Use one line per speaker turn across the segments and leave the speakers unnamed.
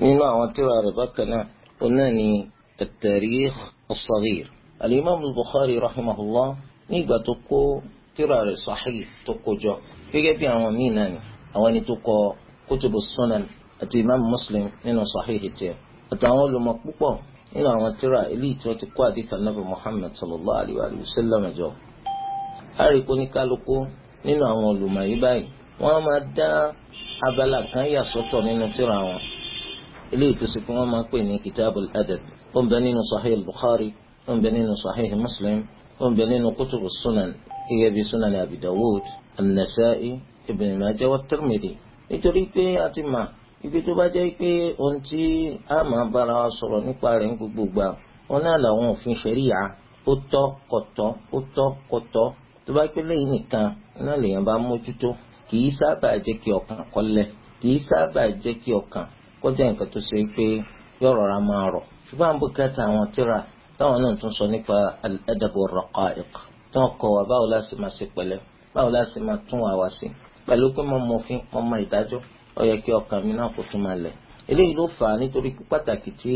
nínú
àwọn tíra rẹ̀ bákan náà ó náà ní at-tarikh as-saghir al-imam al-bukhari rahimahullah ní ìgbà tó kó tíra rẹ̀ sahih tó kó jọ gẹ́gẹ́ bí àwọn míì náà ni àwọn ẹni tó kọ kutubu sunan àti imam muslim nínú sahih tiẹ̀ àtàwọn olùmọ̀ púpọ̀ nínú àwọn tíra eléyìí tí wọ́n ti kó àdìtà nàbì muhammad sallallahu alayhi wa sallam jọ. a rí i nínú àwọn olùmọ̀ yìí báyìí wọ́n máa dá abala kan yà sọ́tọ̀ nínú tírà wọn eléyìí tó sì pé wọ́n máa pè ní kitabul adab ó ń bẹ nínú sahih bukhari ó ń bẹ nínú sahih muslim ó ń bẹ nínú kutubu sunan gẹ́gẹ́ bí sunan abi dawud an-nasa'i ibn majah wa tirmidhi nítorí pé a ti mà ibi tó bá jẹ́ pé ohun tí a máa bára wa sọ̀rọ̀ nípa rẹ̀ ń gbogbo gbà wọn náà làwọn òfin ṣẹ̀ríyà ó tọ́ kọ̀tọ́ ó tọ́ kọ̀tọ́ tó bá pé lẹ́yìn nìkan náà lèèyàn bá mójútó kìí sábà jẹ́ kí ọkàn kọ́lẹ̀ kìí sábà jẹ́ kí ọkàn kọjá nǹkan tó ṣe pé yọ̀rọ̀ ra máa rọ̀ ṣùgbọ́n àwọn bùkátà àwọn tíra táwọn náà tún sọ nípa al-adab ar-raqa'iq tí wọ́n kọ́ wa báwo la ṣe máa ṣe pẹ̀lẹ́ báwo la máa tún wa wá sí pẹ̀lú pé mo mọ òfin mo mọ ìdájọ́ ó yẹ kí ọkàn mi náà kò tún máa lẹ̀ eléyìí ló fà á nítorí pàtàkì tí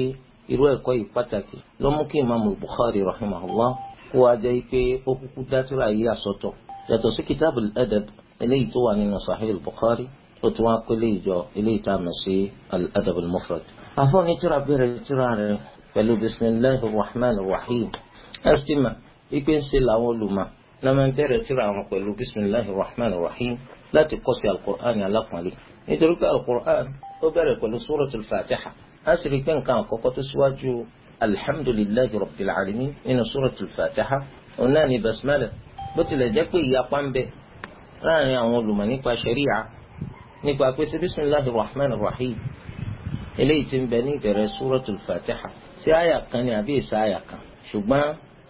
irú ẹ̀kọ́ yìí pàtàkì ló mú kí imaamu Bukhari rahimahullah kó wa jẹ́ pé ó kúkú dá tíra yìí àsọtọ̀ yàtọ̀ sí kitabul adab eléyìí tó wà nínú Sahih al-Bukhari ó ti wá pé eléyìí jọ eléyìí tá a mọ̀ sí al-Adab al-Mufrad. àfọ̀nì tíra bẹ̀rẹ̀ tíra rẹ̀ pẹ̀lú bisimilahi rahman rahim ẹ̀sìmà ipe ń ṣe làwọn olùmọ̀ náà máa ń bẹ̀rẹ̀ tíra wọn pẹ̀lú bisimilahi rahman rahim láti kọ́ sí al-Qur'an alápọ̀nlé nítorí pé al-Qur'an ó bẹ̀rẹ̀ pẹ̀lú suratul fatiha á sì rí pé nǹkan àkọ́kọ́ tó síwájú alhamdulilayi rabbil alamin nínú suratul fatiha òun ni basmala bó tilẹ̀ jẹ́ pé ìyapa ń bẹ láàrin àwọn olùmọ̀ nípa ṣẹ̀ríà nípa pé ṣe bisimilahi rahman rahim eléyìí ti ń bẹ ní ìbẹ̀rẹ̀ suratul fatiha sí àyà kan ni àbí ìsà àyà kan ṣùgbọ́n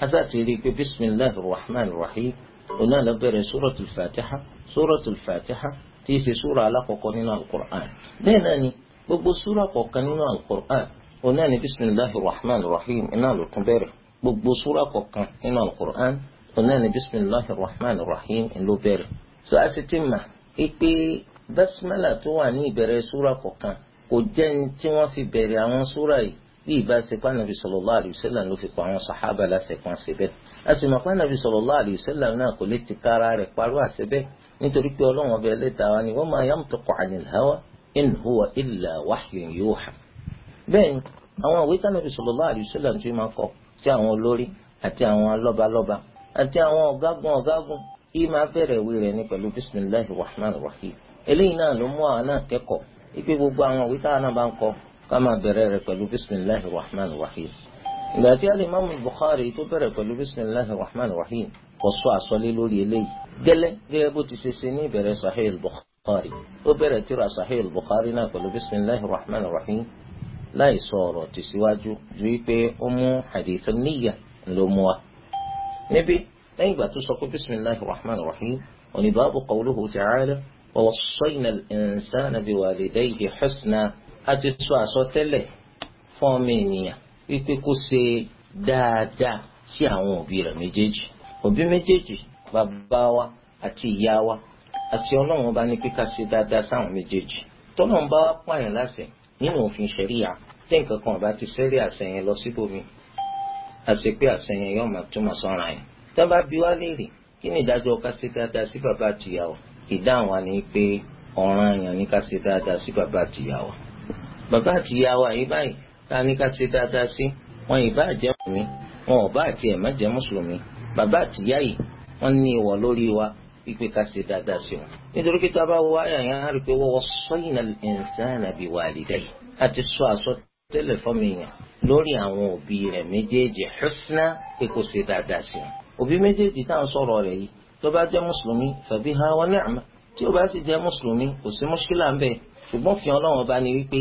asáàtì rí i pé bisimilahi rahman rahim òun náà lọ bẹ̀rẹ̀ suratul fatiha suratul fatiha tí í ṣe súra alákọ̀ọ́kọ́ nínú alukur'an bẹ́ẹ̀ náà ni gbogbo súra kọ̀ọ̀kan nínú alukur'an òun náà ni bisimilahi rahman rahim iná ló bẹ̀rẹ̀ gbogbo súra kọ̀ọ̀kan nínú alukur'an òun náà ni bisimilahi rahman rahim ló bẹ̀rẹ̀ so a sì ti mà pé basmala tó wà ní ìbẹ̀rẹ̀ súra kọ̀ọ̀kan kò jẹ́ ní tí wọ́n fi bẹ̀rẹ̀ àwọn súra yìí bí ìbá ṣe pa nàbì sallallahu alaihi wasallam ló fi pa àwọn sàhábà láṣẹ kan ṣe bẹ́ẹ̀ a sì mọ̀ pé nàbì sallallahu alaihi wasallam náà kò lè ti kára rẹ̀ parú àṣẹ bẹ́ẹ̀ nítorí pé ọlọ́run ọbẹ̀ ẹlẹ́dàá wa ni wa ma yantiqu anil hawa in huwa illa wahyun yuha bẹ́ẹ̀ ni àwọn ìwé tánàbì sallallahu alaihi wasallam máa kọ tí àwọn olórí àti àwọn lọ́balọ́ba àti àwọn ọ̀gágun ọ̀gágun ìmọ̀ abẹ́rẹ́ ìwé rẹ̀ ní pẹ̀lú bisimilahi rahman rahim eléyìí náà ló mú àwọn náà kẹ́kọ̀ọ́ ipe gbogbo àwọn òwe táwọn náà bá ń kọ ká máa bẹ̀rẹ̀ rẹ̀ pẹ̀lú bisimilahi rahman rahim ìgbà tí alimami bukhari tó bẹ̀rẹ̀ pẹ̀lú bisimilahi rahman rahim kò sọ àsọlé lórí eléyìí gẹ́lẹ́ gẹ́gẹ́ bó ti ṣe ṣe ní ìbẹ̀rẹ̀ sahih bukhari ó bẹ̀rẹ̀ lẹ́yìn ìgbà tó sọ pé bisimilahi rahman rahim òní báàbò qawluhu ta'ala wa wassayna al-insana biwalidayhi husna a ti sọ àsọtẹ́lẹ̀ fún ọmọ ènìyàn wípé kó ṣe dáadáa sí àwọn òbí rẹ̀ méjèèjì òbí méjèèjì bàbá wa àti ìyá wa àti ọlọ́run bá ní pípa ṣe dáadáa sáwọn méjèèjì tọ́lọ́run bá wá pààyàn láṣẹ nínú òfin ṣẹ̀ríà tí nǹkan kan bá ti ṣẹ́rí àṣẹ lọ síbòmí àṣepé àṣẹ yẹn yóò máa túmọ̀ sọ́ra yẹn tí wọ́n bá bi wá léèrè kí ni ìdájọ́ ká ṣe dáadáa sí bàbá àtìyàwó ìdáhùn wa ni pé ọ̀ràn àyàn ni ká ṣe dáadáa sí bàbá àtìyàwó bàbá àtìyàwó àyè báyìí ta ni ká ṣe dáadáa sí wọn ìbá jẹ́ mùsùlùmí wọn ò bá àti ẹ̀ má jẹ́ mùsùlùmí bàbá àtìyá yìí wọ́n ní ìwọ̀ lórí wa pípé ká ṣe dáadáa sí wọn. nítorí pé tá a bá wọ àyà yẹn á rí i pé wọ́n sọ ìnà ìnsánà bí husna pé kó ṣe òbí méjèèjì tá à ń sọ̀rọ̀ rẹ̀ yìí tó bá jẹ́ mùsùlùmí fẹ̀bí ha wọn ni'ma tí ó bá sì jẹ́ mùsùlùmí kò sí mùṣkílà ń bẹ̀ ṣùgbọ́n fi ọlọ́run bá ní wípé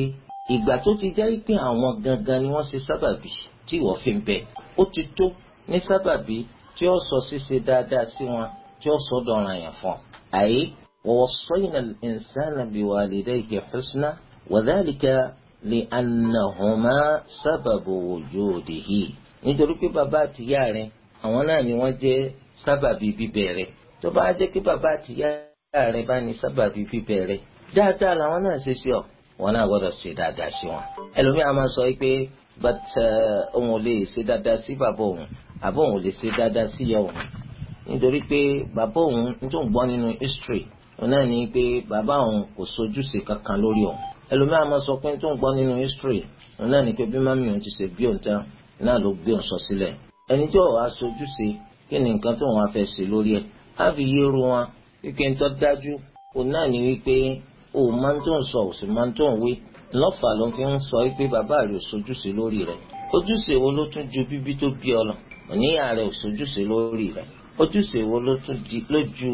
ìgbà tó ti jẹ́ pé àwọn gangan ni wọ́n ṣe sábàbí tí ìwọ fi ń bẹ ó ti tó ní sábàbí tí ó sọ ṣíṣe dáadáa sí wọn tí ó sọ dọ̀ràn àyàn fún ọ. àyè wa nítorí pé bàbá àtìyá rẹ̀ àwọn náà ni wọ́n jẹ́ sábàbí bíbẹ̀rẹ̀ tó bá jẹ́ pé bàbá àtìyá rẹ̀ bá ní sábàbí bíbẹ̀rẹ̀ dáadáa làwọn náà ṣe sí ọ wọn náà gbọ́dọ̀ ṣe dáadáa sí wọn. ẹlòmíì a máa sọ pé bàtà uh, òun ò lè ṣe dáadáa sí bàbá òun àbọ̀ òun ò lè ṣe dáadáa sí ìyá òun nítorí pé bàbá òun tó ń gbọ́ nínú history òun náà ní pé bàbá òun kò sojúṣe kankan lórí òun ẹlòmíì a máa sọ pé tó ń gbọ́ nínú history òun náà ní pé bí mami òun ti ṣe bí òun tán náà ló gbé òun sọ sílẹ̀ ẹni tí ọ̀wá sojú sí kí ni nǹkan tó wọn fẹ́ ṣe lórí ẹ̀ á fi yé ru wọn wípé ń tọ́ dájú òun náà ni wípé o máa ń tó ń sọ òsì máa ń tó ń wí lọ́fà ló fi ń sọ wípé bàbá rẹ̀ ò sojúṣe lórí rẹ̀ ojúṣe wo ló tún ju bíbí tó bí ọ lọ òníyà rẹ̀ ò sojúṣe lórí rẹ̀ ojúṣe wo ló tún di ló ju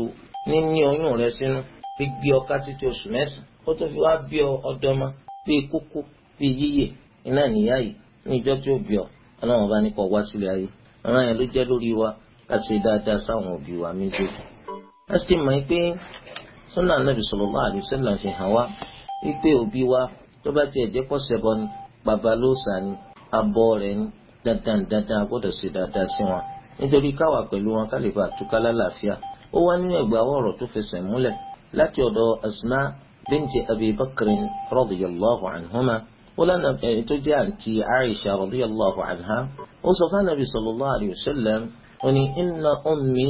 níní oyún rẹ̀ sínú fi gbé ọ ká títí oṣù mẹ́sàn-án ó tún fi wá bí ọ ọ̀dọ́mọ bíi kókó bíi yíyè iná nìyá yìí ní ìjọ tí ó bí ọ ọlọ́run bá nípa ọwá sílẹ̀ ayé ọ̀ràn yẹn ló jẹ́ lórí wa ká ṣe dáadáa sáwọn òbí wa méjèèjì. a sì mọ̀ pé sunna anabi sallallahu alaihi wasallam fi hàn wá wípé òbí wa tó bá tiẹ̀ jẹ́ pọ̀ ṣẹbọ ni babalóòsà ni abọ́ rẹ̀ ni dandan dandan a gbọ́dọ̀ ṣe dáadáa sí wọn nítorí káwa pẹ̀lú wọn ká lè bá àtúkà lálàáfíà ó wá nínú ẹgbẹ́ àwọ̀rọ̀ tó fẹsẹ̀ múlẹ̀ láti ọ̀dọ̀ asma binti abi bakrin radiyallahu anhuma ó lánà ẹni tó jẹ́ àǹtí Aisha radiyallahu anha ó sọ fún anabi sallallahu alayhi wa sallam ó ní inna ummi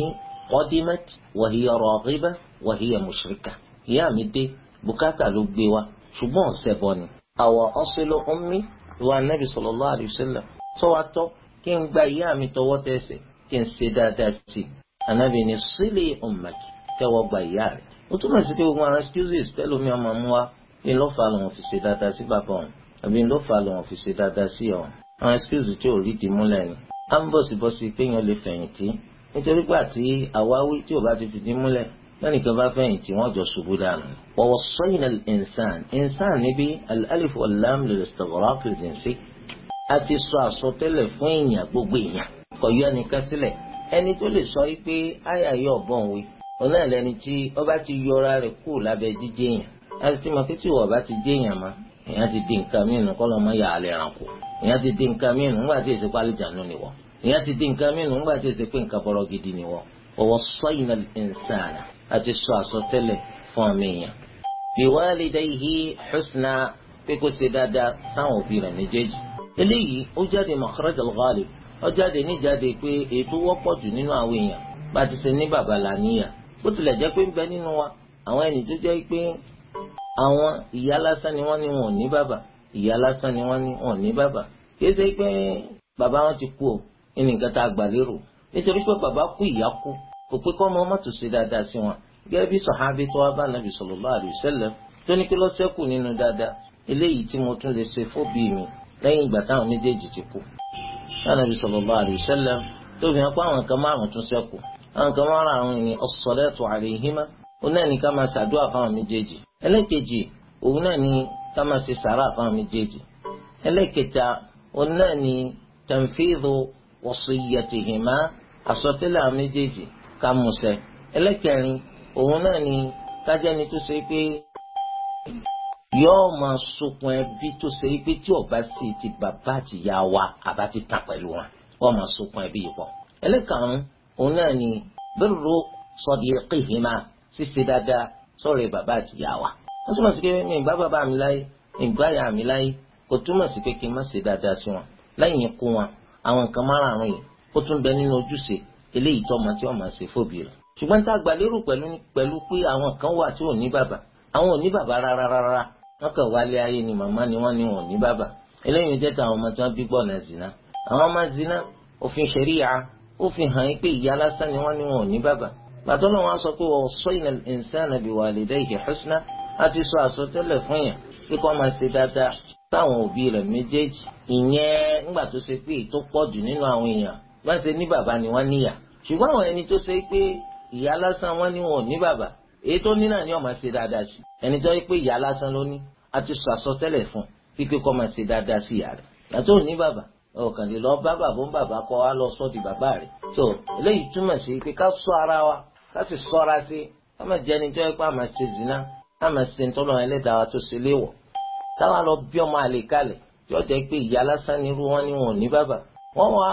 qadimat wa hiya raghiba wa hiya mushrika ìyá mi dé bùkátà ló gbé wa ṣùgbọ́n ọ̀sẹ̀ bọ̀ ni. àwa asilu ummi wa anabi sallallahu alayhi wa sallam tọ́wátọ́ kí n gba ìyá mi tọwọ́ tẹsẹ̀ kí n ṣe dáadáa sí i anabi ni sílẹ̀ ummaki tẹ́wọ́ gba ìyá rẹ̀ ó túmọ̀ sí pé gbogbo àwọn excuses pẹ̀lú mi ọmọ mu wa ni lọ́fà lòun fi ṣe dáadáa sí bàbá òun àbí ló fà lọ́wọ́n fi ṣe dáadáa sí ọ àwọn excuse tí ò rí di múlẹ̀ ni à ń bọ̀sibọ̀si pé yẹn lè fẹ̀yìntì nítorí pé àti àwáwí tí ò bá ti fìdí múlẹ̀ lẹ́nìkan bá fẹ̀yìntì wọ́n jọ ṣubú dànù. wa wassayna al-insan insan níbi al-alif wal-lam lil-istighraq al-jinsi a ti sọ àsọtẹ́lẹ̀ fún èèyàn gbogbo èèyàn kò yọ ẹnìkan sílẹ̀ ẹni tó lè sọ wípé àyà yóò bọ̀ òwe ọ̀nà ìlẹ́ni tí ọba ti yọra rẹ̀ kú lábẹ́ jíjẹ́ èèyàn láti tí mo pé tí ìwọ̀ bá ti jẹ́ èèyàn mọ́ ìyẹn ti di nǹkan mìíràn kọ́ lọ́mọ yà á lè ràn kù ìyẹn ti di nǹkan mìíràn ńgbà tí èsì pálí jànú ni n'iwọ ìyẹn ti di nǹkan mìíràn ńgbà tí èsì pé nǹkan gidi ni àti sọ àsọtẹ́lẹ̀ fún ọmọ èèyàn. husna pé kó ṣe dáadáa sáwọn òbí rẹ̀ méjèèjì. eléyìí ó jáde makhraj al ó jáde níjáde pé ètò wọ́pọ̀ jù nínú àwọn èèyàn wa àwọn tó àwọn ìyá lásán ni wọ́n ní wọn ò ní bàbà ìyá lásán ni wọ́n ní wọn ò ní bàbà kì pé bàbá wọn ti kú o ní nǹkan tá a gbà lérò nítorí pé bàbá kú ìyá kú kò pé kọ́ ọmọ ọmọ tó ṣe dáadáa sí wọn gẹ́gẹ́ bí sọ̀hábí tó wá bá nàbì sallallahu alaihi wasallam tó ní kí ló ṣẹ́kù nínú dáadáa eléyìí tí mo tún lè ṣe mi lẹ́yìn ìgbà táwọn méjèèjì òun náà ní ká máa ṣàdúrà fáwọn méjèèjì ẹlẹ́kejì òun náà ní ká máa ṣe sàrà fáwọn méjèèjì ẹlẹ́kẹta òun náà ní tanfidhu wasiyyatihima àsọtẹ́lẹ̀ àwọn méjèèjì ká mú ṣẹ ẹlẹ́kẹrin òun náà ní kájẹ́ni tó ṣe pé yóò máa sokun ẹbí tó ṣe pé tí ọba sì ti bàbá àti ìyá wa àbá ti tàn pẹ̀lú wọn wọ́n máa sokun ẹbí yìí pọ̀ ẹlẹ́karùn òun náà ní birru sadiqihima ṣíṣe dáadáa sọ̀rọ̀ bàbá àti ìyá wa. wọ́n túmọ̀ sí pé mi ìgbà bàbá mi láyé ìgbà ìyá mi láyé kò túmọ̀ sí pé kí n má ṣe dáadáa sí wọn lẹ́yìn ikú wọn àwọn nǹkan márààrún yìí ó tún bẹ nínú ojúṣe eléyìí tó ọmọ tí ọmọ ṣe fòbí rẹ̀. ṣùgbọ́n tá a gbà pẹ̀lú pé àwọn kan wà tí ò ní bàbá àwọn ò ní bàbá rárárárá wọ́n kàn wálé ayé ni màmá ni wọ́n ní wọn ò ní bàbá eléyìí jẹ́ tàwọn ọmọ tí wọ́n bí gbọ̀nà zina àwọn ọmọ zina òfin ṣẹ̀ríyà ó fi hàn yín pé ìyá lásán ni wọ́n ní wọn ò ní bàbá gbàtọ́ náà wọ́n sọ pé wọ́n sọ ìnàl insana biwalidayhi husna a ti sọ àsọtẹ́lẹ̀ fún yàn pé kó máa ṣe dáadáa táwọn òbí rẹ̀ méjèèjì ìyẹn ńgbà tó ṣe pé tó pọ̀ jù nínú àwọn èèyàn bá ṣe ní bàbá ni wọ́n níyà ṣùgbọ́n àwọn ẹni tó ṣe pé ìyá lásán wọ́n ní wọn ò ní bàbá èyí tó ní náà ni ó máa ṣe dáadáa sí ẹni tó yẹ pé ìyá lásán ló ní a ti sọ àsọtẹ́lẹ̀ fún pípé máa ṣe dáadáa sí ìyá rẹ̀ yàtọ̀ ní bàbá ọ̀kàn lè lọ bá bàbá kọ́ wa lọ sọ́ di bàbá rẹ̀ tó eléyìí túmọ̀ sí pé ká sọ ara wa láti sọ́ra sí ká má jẹ́ ẹni tó yẹ pé àmà ṣe zina ká má ṣe ntọ́lọ́ ẹlẹ́dàá wa tó ṣe léwọ̀ táwa lọ bí ọmọ àlè kalẹ̀ yóò jẹ́ pé ìyá lásán ni irú wọn ni wọn ò ní bàbá wọ́n wá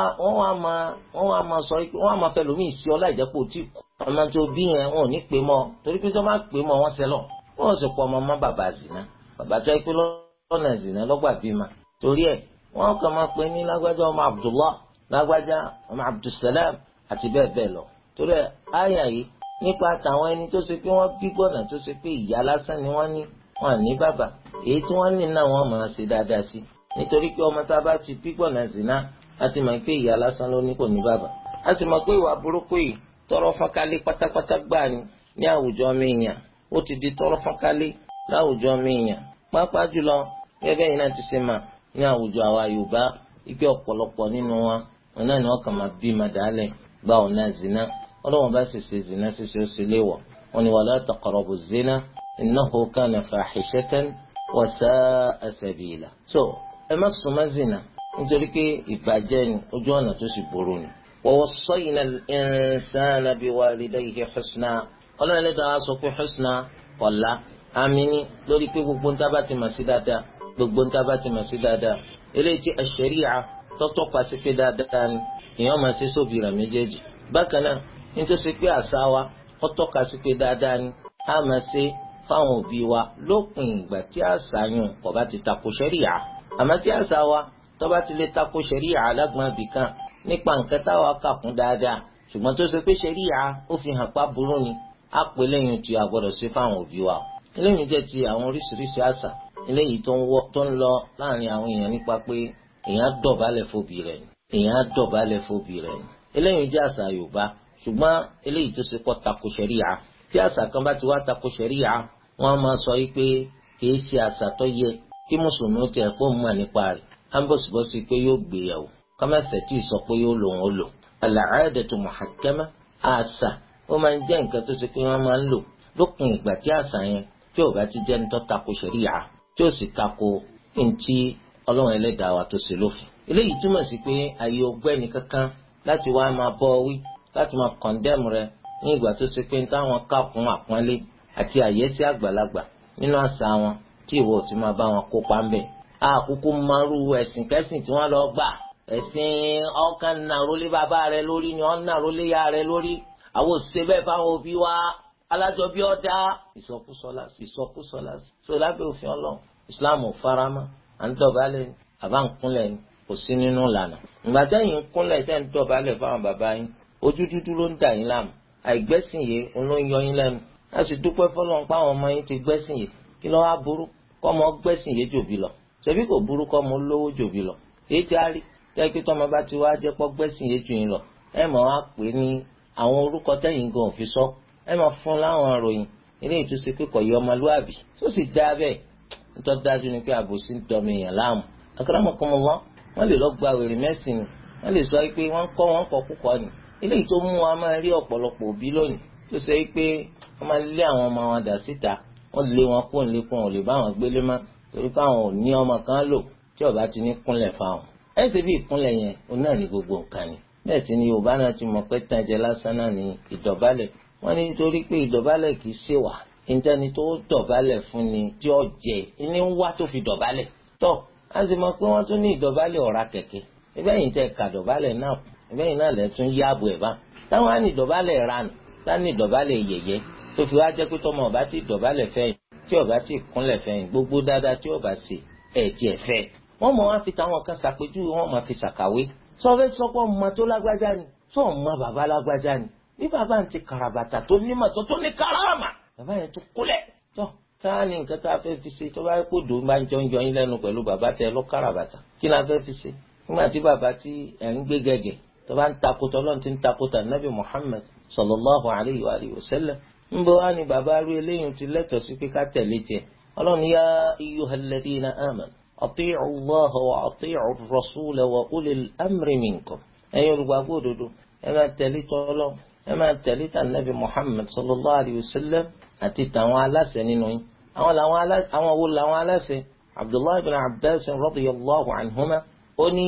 máa wọ́n wá máa sọ pé wọ́n wá máa fẹ́ lómi ìsí ọlá ìjẹ́pọ̀ tí ọmọ tó bí yẹn wọn ò ní pè mọ́ torí pé tó má pè mọ́ wọ́n sẹ́lọ̀ wọ́n sì pọ̀ ọmọ mọ́ bàbá zina bàbá tó yẹ pé lọ́nà zina lọ́gbà bímọ torí ẹ̀ wọ́n kàn máa pè ní lágbájá ọmọ Abdullah lágbájá ọmọ Abdulsalam àti bẹ́ẹ̀ bẹ́ẹ̀ lọ. torí àyà yìí nípa tàwọn ẹni tó ṣe pé wọ́n bí gbọ̀nà tó ṣe pé ìyá lásán ni wọ́n ní wọn ní bàbá èyí tí wọ́n ní náà wọ́n máa ṣe dáadáa sí nítorí pé ọmọ tá a bá ti bí gbọ̀nà zina a ti mọ̀ pé ìyá lásán ló ní kò ní bàbá a sì mọ̀ pé ìwà burúkú yìí tọrọ fọ́nkálé pátápátá gbáà ni ní àwùjọ ti di tọrọ fọ́nkálé láwùjọ jùlọ gẹ́gẹ́ yìí náà ti ṣe mà ní ike ọ̀pọ̀lọpọ̀ nínú wọn náà ni wọ́n kàn máa gba ọ̀nà zina ọlọ́wọ́n bá sì ṣe zina ṣíṣe ó sì léwọ̀ wọn ni wala taqrabu zina innahu kana fahishatan wa sa'a sabila. so ẹ má súnmọ́ zina nítorí pé ìbàjẹ́ ni ojú ọ̀nà tó sì burú ni. wa wassayna al-insana biwalidayhi husna ọlọ́run ẹlẹ́dàá sọ pé husna ọ̀la àmì lórí pé gbogbo ń ti mà sí dáadáa gbogbo ń ti mà sí dáadáa eléyìí ti ash tọ́tọ́ pàṣẹ pé dáadáa ni èèyàn máa ṣe sóbì rẹ̀ méjèèjì bákan náà nítorí pé àṣà wa ó tọ́ka sí pé dáadáa ni a máa ṣe fáwọn òbí wa lópin ìgbà tí àṣà yun kò bá ti tako ṣẹ́ríà àmọ́ tí àṣà wa tó bá ti lè tako ṣẹ́ríà alágbọ̀n abìkan nípa nǹkan táwa kà kún dáadáa ṣùgbọ́n tó ṣe pé ṣẹ́ríà ó fi hàn pa burú ni a pè lẹ́yìn tí a gbọ́dọ̀ ṣe fáwọn òbí wa lẹ́yìn jẹ́ ti àwọn oríṣiríṣi àṣà eléyìí tó ń lọ láàrin àwọn èèyàn nípa pé èèyàn dọ̀bálẹ̀ fóbi rẹ̀ ni èèyàn dọ̀bálẹ̀ fóbi rẹ̀ ni eléyìí jẹ́ àṣà yorùbá ṣùgbọ́n eléyìí tó ṣe pọ̀ tako ṣẹ̀ríyà tí àṣà kan bá ti wá tako ṣẹ̀ríyà wọ́n máa sọ pé kìí ṣe àṣà tó yẹ kí mùsùlùmí tẹ̀ kó mọ̀ nípa rẹ̀ ambosibosi pé yóò gbéyàwó kọ́mẹ́sẹ̀ tí ì sọ pé yóò lòun ó lò al-aadatu àṣà ó máa ń jẹ́ nǹkan tó ṣe pé wọ́n máa ń lò lópin ìgbà tí àṣà yẹn tí ò bá ti jẹ́ ní tó tako tí ò sì tako ntí ọlọ́run ẹlẹ́dàá wa tó ṣe lófin. eléyìí túmọ̀ sí pé àyè ọgbẹ́ni kankan láti wá máa bọ́ wí láti máa kọ̀ndẹ́mù rẹ ní ìgbà tó ṣe pé ní táwọn kákun àpọ́nlé àti àyè sí àgbàlagbà nínú àṣà wọn tí ìwọ ti máa bá wọn kópa ń bẹ̀. àkókò marú ẹ̀sìn kẹ́sìn tí wọ́n lọ gbà ẹ̀sìn ọkàn nàrólé bàbá rẹ lórí ni ọ̀n nàrólé ya rẹ lórí àwọn òṣìṣẹ́ bẹ́ẹ̀ fáwọn òbí wa alájọbí ọ̀dà ìsọkúsọ lásì ìsọkúsọ lásì so lábẹ́ òfin ọlọ́run Islam ò faramọ́ à ń dọ̀bálẹ̀ ni àbá ń kúnlẹ̀ ni kò sí nínú ìlànà. ìgbà tẹ́yìn ń kúnlẹ̀ tẹ́ ń dọ̀bálẹ̀ fáwọn bàbá yín ojú dúdú ló ń dà yín láàmú àìgbẹ́sìn yìí ló ń yọ yín lẹ́nu a sì dúpẹ́ fọlọ́n pa àwọn ọmọ yín ti gbẹ́sìn yìí kí lọ́ wá burú kọ́ mọ gbẹ́sìn yìí jòbí lọ ṣebí kò burú kọ́ mọ lówó jòbí lọ èyí ti á rí tẹ́ ilé ìtúsí pé yọ ọmọlúàbí tó sì dá bẹ́ẹ̀ nítorí dájú ni pé àbòsí ń dọmi èèyàn láàmú akramakumullah wọ́n lè lọ gba wèrè mẹ́sìn ni wọ́n lè sọ pé wọ́n kọ́ wọn kọ́ púpọ̀ ni eléyìí tó mú wa máa rí ọ̀pọ̀lọpọ̀ òbí lónìí tó sọ pé wọ́n máa lé àwọn ọmọ wọn dà síta wọ́n lé wọn kó nílé kó wọn lè bá wọn gbélé má torí káwọn ò ní ọmọ kan lò tí ọba ti ní kúnlẹ̀ fáwọn ẹ ṣe bí ìkúnlẹ̀ yẹn o náà gbogbo nǹkan ni bẹ́ẹ̀ sì ni yorùbá náà ti mọ̀ pé tàjẹ́ lásán náà ní ìdọ̀bálẹ̀ wọ́n ní nítorí pé ìdọ̀bálẹ̀ kì í ṣèwà ìjẹni tó dọ̀bálẹ̀ fún ni tí ó jẹ ní ń wá tó fi dọ̀bálẹ̀ tọ́ a sì mọ̀ pé wọ́n tún ní ìdọ̀bálẹ̀ ọ̀ra kẹ̀kẹ́ ẹgbẹ́ yìí tẹ ka dọ̀bálẹ̀ náà ẹgbẹ́ yìí náà lẹ̀ tún yí ààbò ẹ̀ bá táwọn á ní ìdọ̀bálẹ̀ ranù táwọn ní ìdọ̀bálẹ̀ yẹ̀yẹ́ tó fi wá jẹ́ pé tọmọ ọba ti dọ̀bálẹ̀ fẹ́yìn tí ọba ti kúnlẹ̀ fẹ́yìn gbogbo dáadáa tí ọba ṣe ẹ̀jẹ̀ ẹ̀ fẹ́ wọ́n wá fi táwọn kan ṣàpèjúwe wọ́n mọ̀ fi ṣàkàwé sọfẹ́ sọpọ́ mọ tó lágbájá ni sọ mọ bàbá lágbájá ni bí bàbá ń ti kàràbàtà tó nímọ̀ tó tó ní kàràmà bàbá yẹn tó kólẹ̀ tó táà ní nǹkan tá a fẹ́ fi ṣe tó bá kó dòun bá ń jọ ń jọ yín lẹ́nu pẹ̀lú bàbá tẹ lọ́kàrà bàtà kí la fẹ́ fi ṣe nígbà tí bàbá tí ẹ̀ ń gbé gẹ̀gẹ̀ tó bá ń takotọ ọlọ́run ti ń takotọ ànábì Muhammad sallallahu alayhi wa alihi wa sallam ń bọ wá ní bàbá rú eléyìí ti lẹ́tọ̀ọ́ sí pé ká tẹ̀lé tiẹ̀ ọlọ́run yá ayyuhal ladhina amanu ati'u Allah wa àti tàwọn aláṣẹ nínú yín àwọn làwọn àwọn wo làwọn aláṣẹ abdullahi ibn abbas radiyallahu anhuma ó ní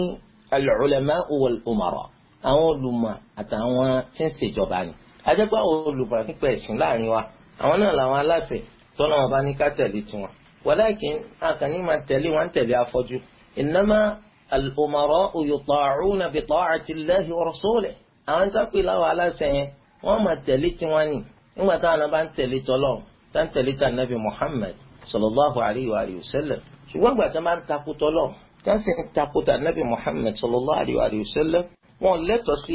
al-ulama'u wal-umara àwọn olùmọ̀ àtàwọn tí ń ṣèjọba ni ajẹ́pẹ́ àwọn olùmọ̀ nípa ẹ̀sìn láàrin wa àwọn náà làwọn aláṣẹ tọ́lá wọn bá ní ká tẹ̀lé tiwọn walakin àkànní máa tẹ̀lé wọn tẹ̀lé afọ́jú innama al-umara'u yuta'una bi ta'ati Allahi wa rasulihi àwọn tápẹ́ làwọn aláṣẹ yẹn wọ́n máa tẹ̀lé tiwọn nìyí nígbà táwọn bá ń tẹ̀lé tọ́lọ̀ tá ń tẹ̀lé tà nàbì Muhammad sallallahu alayhi wa sallam ṣùgbọ́n gbàtà máa ń takò tọ́lọ̀ tá ń sì ń takò tà nàbì Muhammad sallallahu alayhi wa sallam wọn lẹ́tọ̀ọ́ sí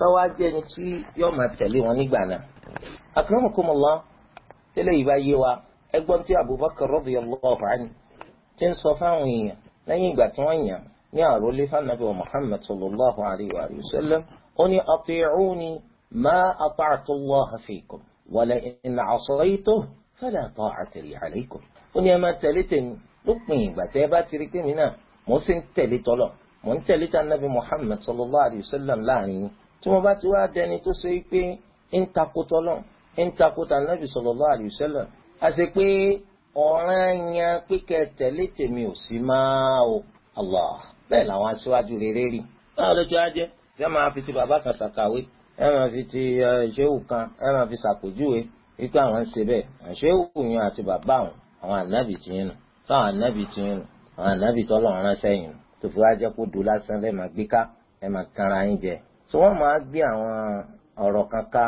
káwá jẹ́ ẹni tí yóò máa tẹ̀lé wọn nígbà náà. akramakumullah tẹ́lẹ̀ yìí bá yé wa ẹgbọ́n tí Abubakar radiyallahu anhu ti ń ما أطعت الله فيكم ولئن عصيته فلا طاعة لي عليكم ó ní ẹ máa tẹ̀lé tèmi lópin ìgbà tẹ́ ẹ bá ti rí pé mi náà mo sì ń tẹ̀lé tọ́lọ̀ mo ń tẹ̀lé tá nàbí Muhammad sallallahu alayhi wa sallam láàrin yín tí mo bá ti wá dẹni tó ṣe pé ń takò tọ́lọ̀ ń takò tá nàbí sallallahu alayhi wa sallam a ṣe pé ọ̀ràn yẹn pípẹ́ tẹ̀lé tèmi ò sí máa o Allah bẹ́ẹ̀ làwọn aṣíwájú rere rí báwo ló ti wá jẹ́ ṣé máa fi ti bàbá kan ṣàkàwé ẹ máa fi ti ṣéwù kan ẹ máa fi ṣàpèjúwe wípé àwọn ń ṣe bẹ́ẹ̀ ṣéwù yẹn àti bàbá àwọn àwọn ànábì ti yín nù táwọn ànábì ti yín nù àwọn ànábì tó lọ́wọ́ ránṣẹ́ yìí nù tó fi wá jẹ́ kó do lásán lẹ́ẹ̀ máa gbé ká ẹ máa kanra yín jẹ. tí wọ́n máa gbé àwọn ọ̀rọ̀ kan ká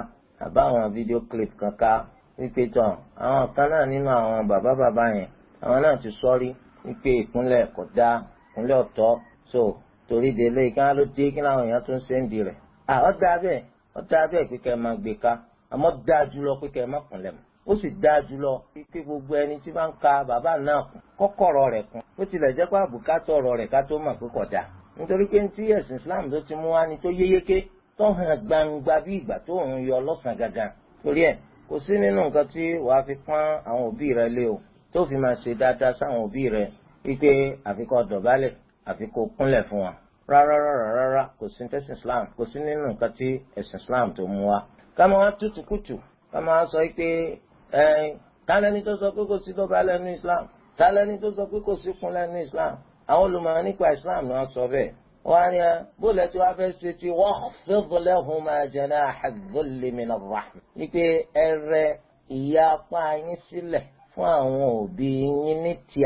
àbá àwọn fídíò clip kan ká wípé tán àwọn kan náà nínú àwọn bàbá bàbá yẹn àwọn náà ti sọ́rí wípé ìpínlẹ̀ kò dáa ìpínlẹ̀ ọ̀tọ̀ so torí délé kí wọ́n ló dé kí láwọn èèyàn tún ṣe ń di rẹ̀. àwọn dáa bẹ́ẹ̀ ó dáa bẹ́ẹ̀ pé kẹ́ ẹ máa gbé ká àmọ́ dáa jùlọ pé kẹ́ ẹ má kúnlẹ̀ mọ́ ó sì dáa jùlọ pé gbogbo ẹni tí bá ń ka bàbá náà kún kọ́kọ́rọ̀ rẹ̀ kún ó tilẹ̀ jẹ́ pé àbùkátọ̀ ọ̀rọ̀ rẹ̀ ká tó mọ̀ pé kò dáa nítorí pé tí ẹ̀sìn Islam tó ti mú wá ni tó yéyéké tó hàn gbangba bí ìgbà tó ń yọ lọ́sàn gangan torí ẹ̀ kò sí nínú nǹkan tí wàá fi pọ́n àwọn òbí rẹ lé o tó fi máa ṣe dáadáa sáwọn òbí rẹ wípé àfikọ́ dọ̀bálẹ̀ àfikọ́ kúnlẹ̀ fún wọn rárá rárá rárá kò sí tẹ̀sìn islam kò sí nínú nǹkan tí ẹ̀sìn islam tó mú wa. ká máa tutù kùtù ká máa sọ pé ẹ tálẹ́ni tó sọ pé kò sí dọ́gba lẹ́nu islam tálẹ́ni tó sọ pé kò sí kun lẹ́nu islam àwọn olùmọ̀ràn nípa islam náà sọ bẹ́ẹ̀ wọ́n á ní ah, bóòlù tí wọ́n fẹ́ ṣe ti wakhfid lahuma janaha dhulli min ar-rahma. ní pé ẹ ìyá apá yín sílẹ̀ fún àwọn òbí yín ní ti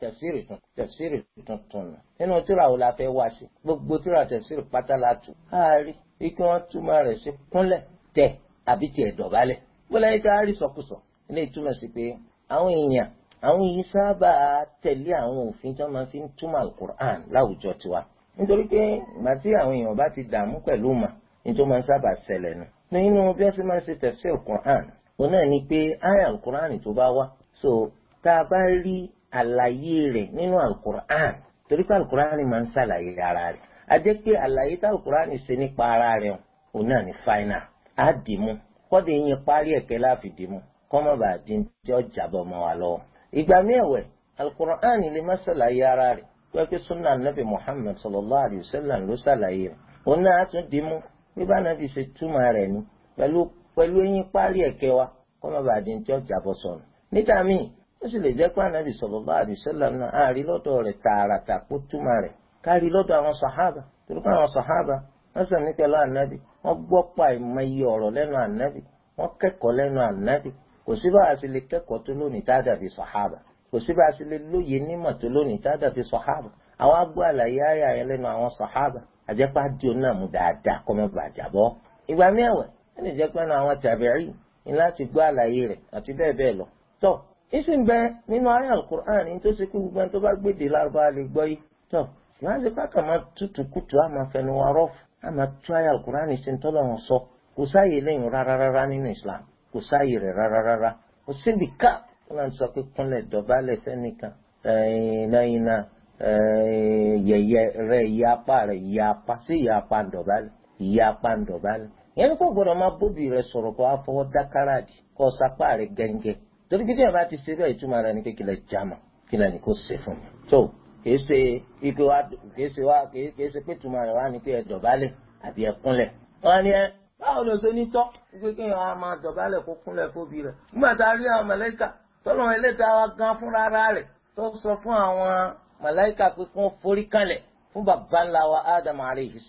tẹ̀sírì tún tẹ̀sírì tuntun nù nínú tíra wo la fẹ́ wá sí gbogbo tíra tẹ̀sírì pátá la tù káàrí ikú wọn túmọ̀ rẹ̀ sí kúnlẹ̀ tẹ̀ àbí tiẹ̀ dọ̀bálẹ̀ gbọ́dọ̀ yìí káàrí sọkúsọ ilé ìtumọ̀ sí pé àwọn èèyàn àwọn yìí sábà tẹ̀lé àwọn òfin tí wọ́n máa fi ń túmọ̀ alukur'an láwùjọ tiwa nítorí pé ìgbà tí àwọn èèyàn bá ti dààmú pẹ̀lú mà ní tó máa ń sábà so tá àlàyé rẹ̀ nínú alukur'an torí pé alukur'an máa ń ṣàlàyé ara rẹ̀ a jẹ́ pé àlàyé tí alukur'an ṣe nípa ara rẹ̀ òun náà ní final á dì mú kọ́dé yín parí ẹ̀kẹ́ láfi dì mú kọ́mọ́ bá di tí ó jàbọ̀ mọ́ wa lọ́wọ́. ìgbà mẹ́wẹ̀ alukur'an lè má ṣàlàyé ara rẹ̀ pé pé sunnah nabi muhammad sallallahu alayhi wa sallam ló ṣàlàyé rẹ̀ òun náà tún dì mú pé bá nàbì ṣe túmọ̀ rẹ̀ ni pẹ̀lú pẹ̀lú eyín parí ẹ̀kẹ́ wa kọ́mọ́ bá di tí jàbọ̀ sọ̀rọ̀ níta míì ó sì lè jẹ́ pé ànábì sallallahu alaihi wasallam náà àárí lọ́dọ̀ rẹ̀ tààràtà kó túmọ̀ rẹ̀ kárí lọ́dọ̀ àwọn sàhábà torí pé àwọn sàhábà wọ́n sọ ní pẹ̀lú ànábì wọ́n gbọ́ pa ìmọ̀ye ọ̀rọ̀ lẹ́nu ànábì wọ́n kẹ́kọ̀ọ́ lẹ́nu ànábì kò sí bá a sì lè kẹ́kọ̀ọ́ tó lónìí tá a dàbí sàhábà kò sí bá a sì lè lóye nímọ̀ tó lónìí tá a dàbí sàhábà àwọn agbó àlàyé ayé lẹ́nu àwọn ìsì ń bẹ nínú ayé alukur'an ní tó ṣe kí gbogbo ẹni tó bá gbèdè lárúbáwá lè gbọ́ yìí tọ́ ìwà ṣe káàkà máa tutù kùtù á máa fẹnu wa rọ́ọ̀fù á máa tú ayé alukur'an ṣe ń tọ́lọ̀ wọn sọ kò sáàyè lẹ́yìn rárára nínú Islam kò sáàyè rẹ̀ rárára kò síbi ká wọn náà sọ pé kúnlẹ̀ dọ̀bálẹ̀ fẹ́nìkan ẹ̀ẹ́nàyìnà yẹ̀yẹ rẹ̀ ìyapa rẹ̀ ìyapa sí ìyapa dọ̀bálẹ̀ ìyapa dọ̀bálẹ̀ yẹn kò gbọdọ̀ máa torí bí téèyàn bá ti ṣe bẹ́ẹ̀ ìtumọ̀ rẹ̀ ni kékeré jama kílẹ̀ ni kò ṣe fún mi. tó kìí ṣe ike wa kìí ṣe wa kìí ṣe pé ìtumọ̀ rẹ̀ wá ni pé ẹ dọ̀bálẹ̀ àbí ẹ kúnlẹ̀. wọ́n ní ẹ báwo ló ṣe ní tọ́ pé kéèyàn á máa dọ̀bálẹ̀ kó kúnlẹ̀ fóbi rẹ̀. nígbà tá a rí àwọn màláíkà tọ́lọ́ ẹlẹ́ta wa gan fúnra ara rẹ̀ tó sọ fún àwọn màláíkà pé kó forí kalẹ̀ fún bàbá ńlá wa Ádámù alayhi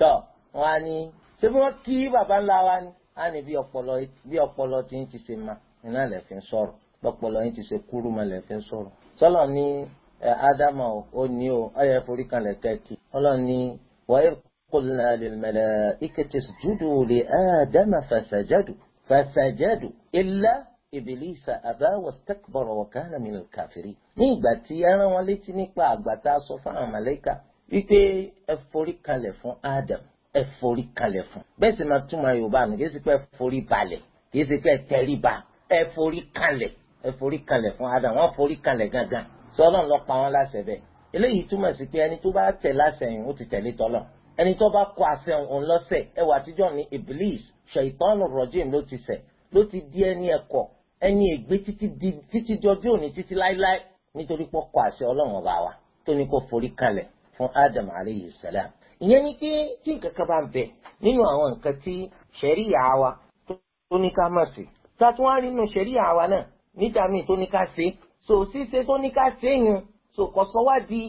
tọ́ wọn á ní ṣé bí wọ́n kí bàbá ńlá wa ni á ní bí ọpọlọ tí ń ti ṣe máa iná lè fi sọ̀rọ̀ lọ́pọlọ yín ti ṣe kúrú mọ́ lè fi sọ̀rọ̀ sọlọ ní ádámà ó ní o ọyẹ forí kan lè kẹ́kì ọlọ́ ní wàá qulna lil malaikati isjudu li ádámà fasajadu fasajadu illa ìbìlísà àbá wastakbara wa kana minal ní ìgbà tí ẹ rán wọn létí nípa àgbàtà sọ fáwọn màlẹ́kà wípé ẹ forí kalẹ̀ fún Adam ẹ forí kalẹ̀ fún. bẹ́ẹ̀ sì máa túmọ̀ yorùbá mi kì í sì pé forí balẹ̀ kì í sì pé ẹ tẹríba ẹ forí kalẹ̀ ẹ forí kalẹ̀ fún Adam wọ́n forí kalẹ̀ gangan sọlọ́n lọ pa wọ́n láṣẹ bẹ́ẹ̀ eléyìí túmọ̀ sí pé ẹni tó bá tẹ̀ láṣẹ yìí ó ti tẹ̀lé tọ́lọ̀ ẹni tó bá kọ àṣẹ òun lọ́sẹ̀ ẹ wà àtijọ́ ní Iblis ṣèitọ́nù rọ́jìm ló ti ṣẹ̀ ló ti di ẹni ẹ̀kọ́ ẹni ègbé títí dọjú òní títí láíláí nítorí pọ́ kọ àṣẹ ọlọ́run ọba wa tó ní kó forí kalẹ̀ fún Adam aleyhi salam ìyẹn ni pé tí nǹkan kan bá ń bẹ nínú àwọn nǹkan tí ṣẹ̀ríyà wa tó ní ká mọ̀ sí tàtí wọ́n rí inú ṣẹ̀rí àwa náà níta míì tó ní ká ṣe so ṣíṣe tó ní ká ṣe yun so kò sọ wá di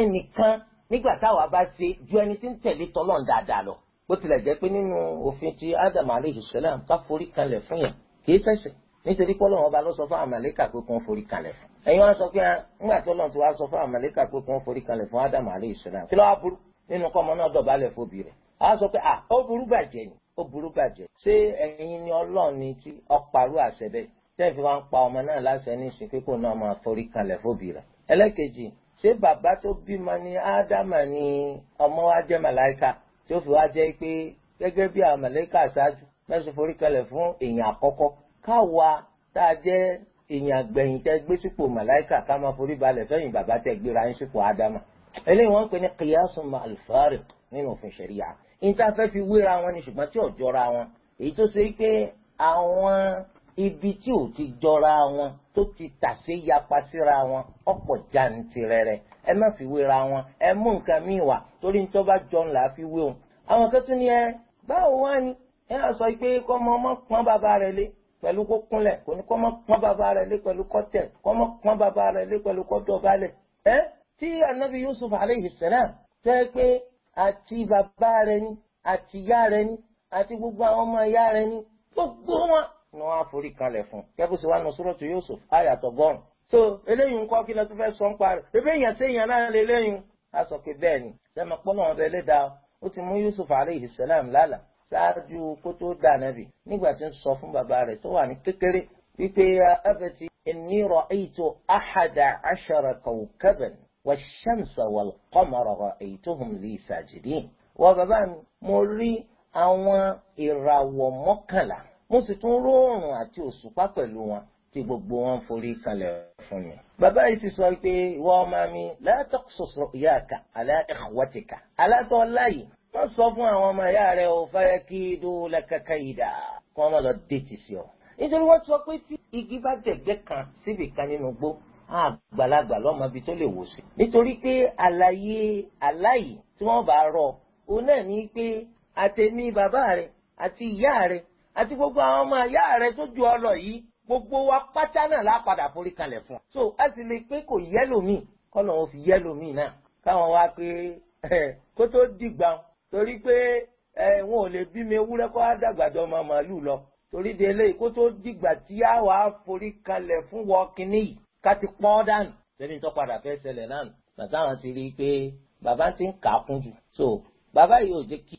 ẹnìkan nígbà táwa bá ṣe ju ẹni tí ń tẹ̀lé tọ́lọ́n dáadáa lọ bó tilẹ̀ jẹ́ pé nínú òfin ti Adam aleyhi salam ká forí kanlẹ̀ fún yẹn kì í ṣẹ̀ṣẹ̀ nítorí pé ọlọ́run ọba ló sọ fún àwọn màlẹ́kà pé kò ń forí kalẹ̀ fún. ẹ̀yin wá sọ pé ńgbà ah, tó lọ́n ti wá sọ fún àwọn pé kò ń forí kalẹ̀ fún ádámù alayhi kí ló wá burú nínú kọ́mọ náà dọ̀bálẹ̀ fóbi rẹ̀. a sọ pé à ah, ó burú bàjẹ́ ni ó burú bàjẹ́ ṣé ẹ̀yin ni ọlọ́run ni tí ọparú àṣẹ bẹ́ẹ̀ tẹ́ẹ̀ fi wá ń pa ọmọ náà láṣẹ ní ìsìn pípò náà máa forí kalẹ̀ fóbi rẹ̀ ẹlẹ́kejì ṣé bàbá tó bímọ ni ádámà ni ọmọ wa jẹ́ màláìka tí ó fi wá jẹ́ pé gẹ́gẹ́ bí àwọn màláìka ṣáájú mẹ́sàn forí kalẹ̀ fún èèyàn àkọ́kọ́ káwa tá a jẹ́ èèyàn gbẹ̀yìn tẹ́ gbé sípò màláìka ká máa forí balẹ̀ fẹ́yìn bàbá tẹ́ gbéra yín sípò ádámà eléyìí wọ́n ń pè ní kìyàsùn màlúfàárì nínú òfin ṣẹ̀ríyà níta fẹ́ fi wéra wọn ni ṣùgbọ́n tí ò jọra wọn èyí tó ṣe pé àwọn ibi tí ò ti jọra wọn tó ti tàṣé yapa síra wọn ọ̀pọ̀ jàǹtìrẹrẹ ẹ má fi wéra wọn ẹ mú nǹkan míì wá torí nítorí bá jọ ńlá fi wé òun. àwọn kan tún ní ẹ báwo wá ni ẹ á sọ pé kọ́ ọmọ ọmọ pọ́n bàbá rẹ̀ lé pẹ̀lú kó kúnlẹ̀ kò ní kọ́ ọmọ pọ́n bàbá rẹ̀ lé pẹ̀lú kọ́ tẹ̀ kọ́ ọmọ pọ́n bàbá rẹ̀ lé pẹ̀lú kọ́ dọ̀bálẹ̀. ẹ tí anabi Yusuf alayhi salam tẹ́ pé àti bàbá rẹ ni àti ìyá rẹ ni àti gbogbo àwọn ọmọ ìyá rẹ ni gbogbo wọn. ni wọn á forí kalẹ̀ fún un kẹ́kọ̀ọ́ sí wa nù Suratu Yusuf ayàtọ̀ gọ́rùn. so eléyìí ń kọ́ kí lọ́ọ́ tó fẹ́ sọ ń parí ebe èèyàn sí èèyàn náà lè léyìn a sọ pé bẹ́ẹ̀ ni sẹ́mi pọ́nà ọ̀dọ̀ ẹlẹ́dàá ó ti mú Yusuf aleyhi salam lálà ṣáájú kó tó dà nàbì nígbà tí ń sọ fún bàbá rẹ̀ tó wà ní kékeré wípé abẹ́tì والشمس والقمر رأيتهم لي ساجدين wọ́n bàbá mi mo rí àwọn ìràwọ̀ mọ́kànlá mo sì tún róòrùn àti òṣùpá pẹ̀lú wọn tí gbogbo wọn forí kalẹ̀ fún mi. bàbá yìí ti sọ pé ìwọ ọmọ mi la taqsus ru'yaka ala ikhwatika alátọ́ láyìí wọ́n sọ fún àwọn ọmọ ìyá rẹ̀ ò fẹ́ kí dó lẹ́kẹ́kẹ́ yìí dà kí wọ́n má lọ dé tì sí ọ. nítorí wọ́n sọ pé tí igi bá dẹ̀gbẹ́ kan síbì kan nínú gbó àgbàlagbà lọ́mọbi tó lè wò sí. nítorí pé àlàyé àláyé tí wọ́n bá rọ òun náà ní pé àtẹ̀mí bàbá rẹ̀ àti ìyá rẹ̀ àti gbogbo àwọn ọmọ ìyá rẹ̀ tó ju ọ yìí gbogbo wa pátá náà lápadà forí kalẹ̀ fún ọ. so a sì lè pé kò yẹ́lòmíì kọ́nà òun fi yẹ́lòmíì náà káwọn wá pé kó tó dìgbà torí pé wọn ò lè bí mi ewúrẹ́ kó á dàgbàjọ ọmọ màálù lọ torí de kó tó dìgbà tí a wàá forí kalẹ̀ fún wọ́ọ̀kì níyì ká ti pọ́n dànù lẹ́ni tó padà fẹ́ ṣẹlẹ̀ náà nù bàtà ti rí i pé bàbá ti ń kà á kún jù so bàbá yìí ò jẹ́ kí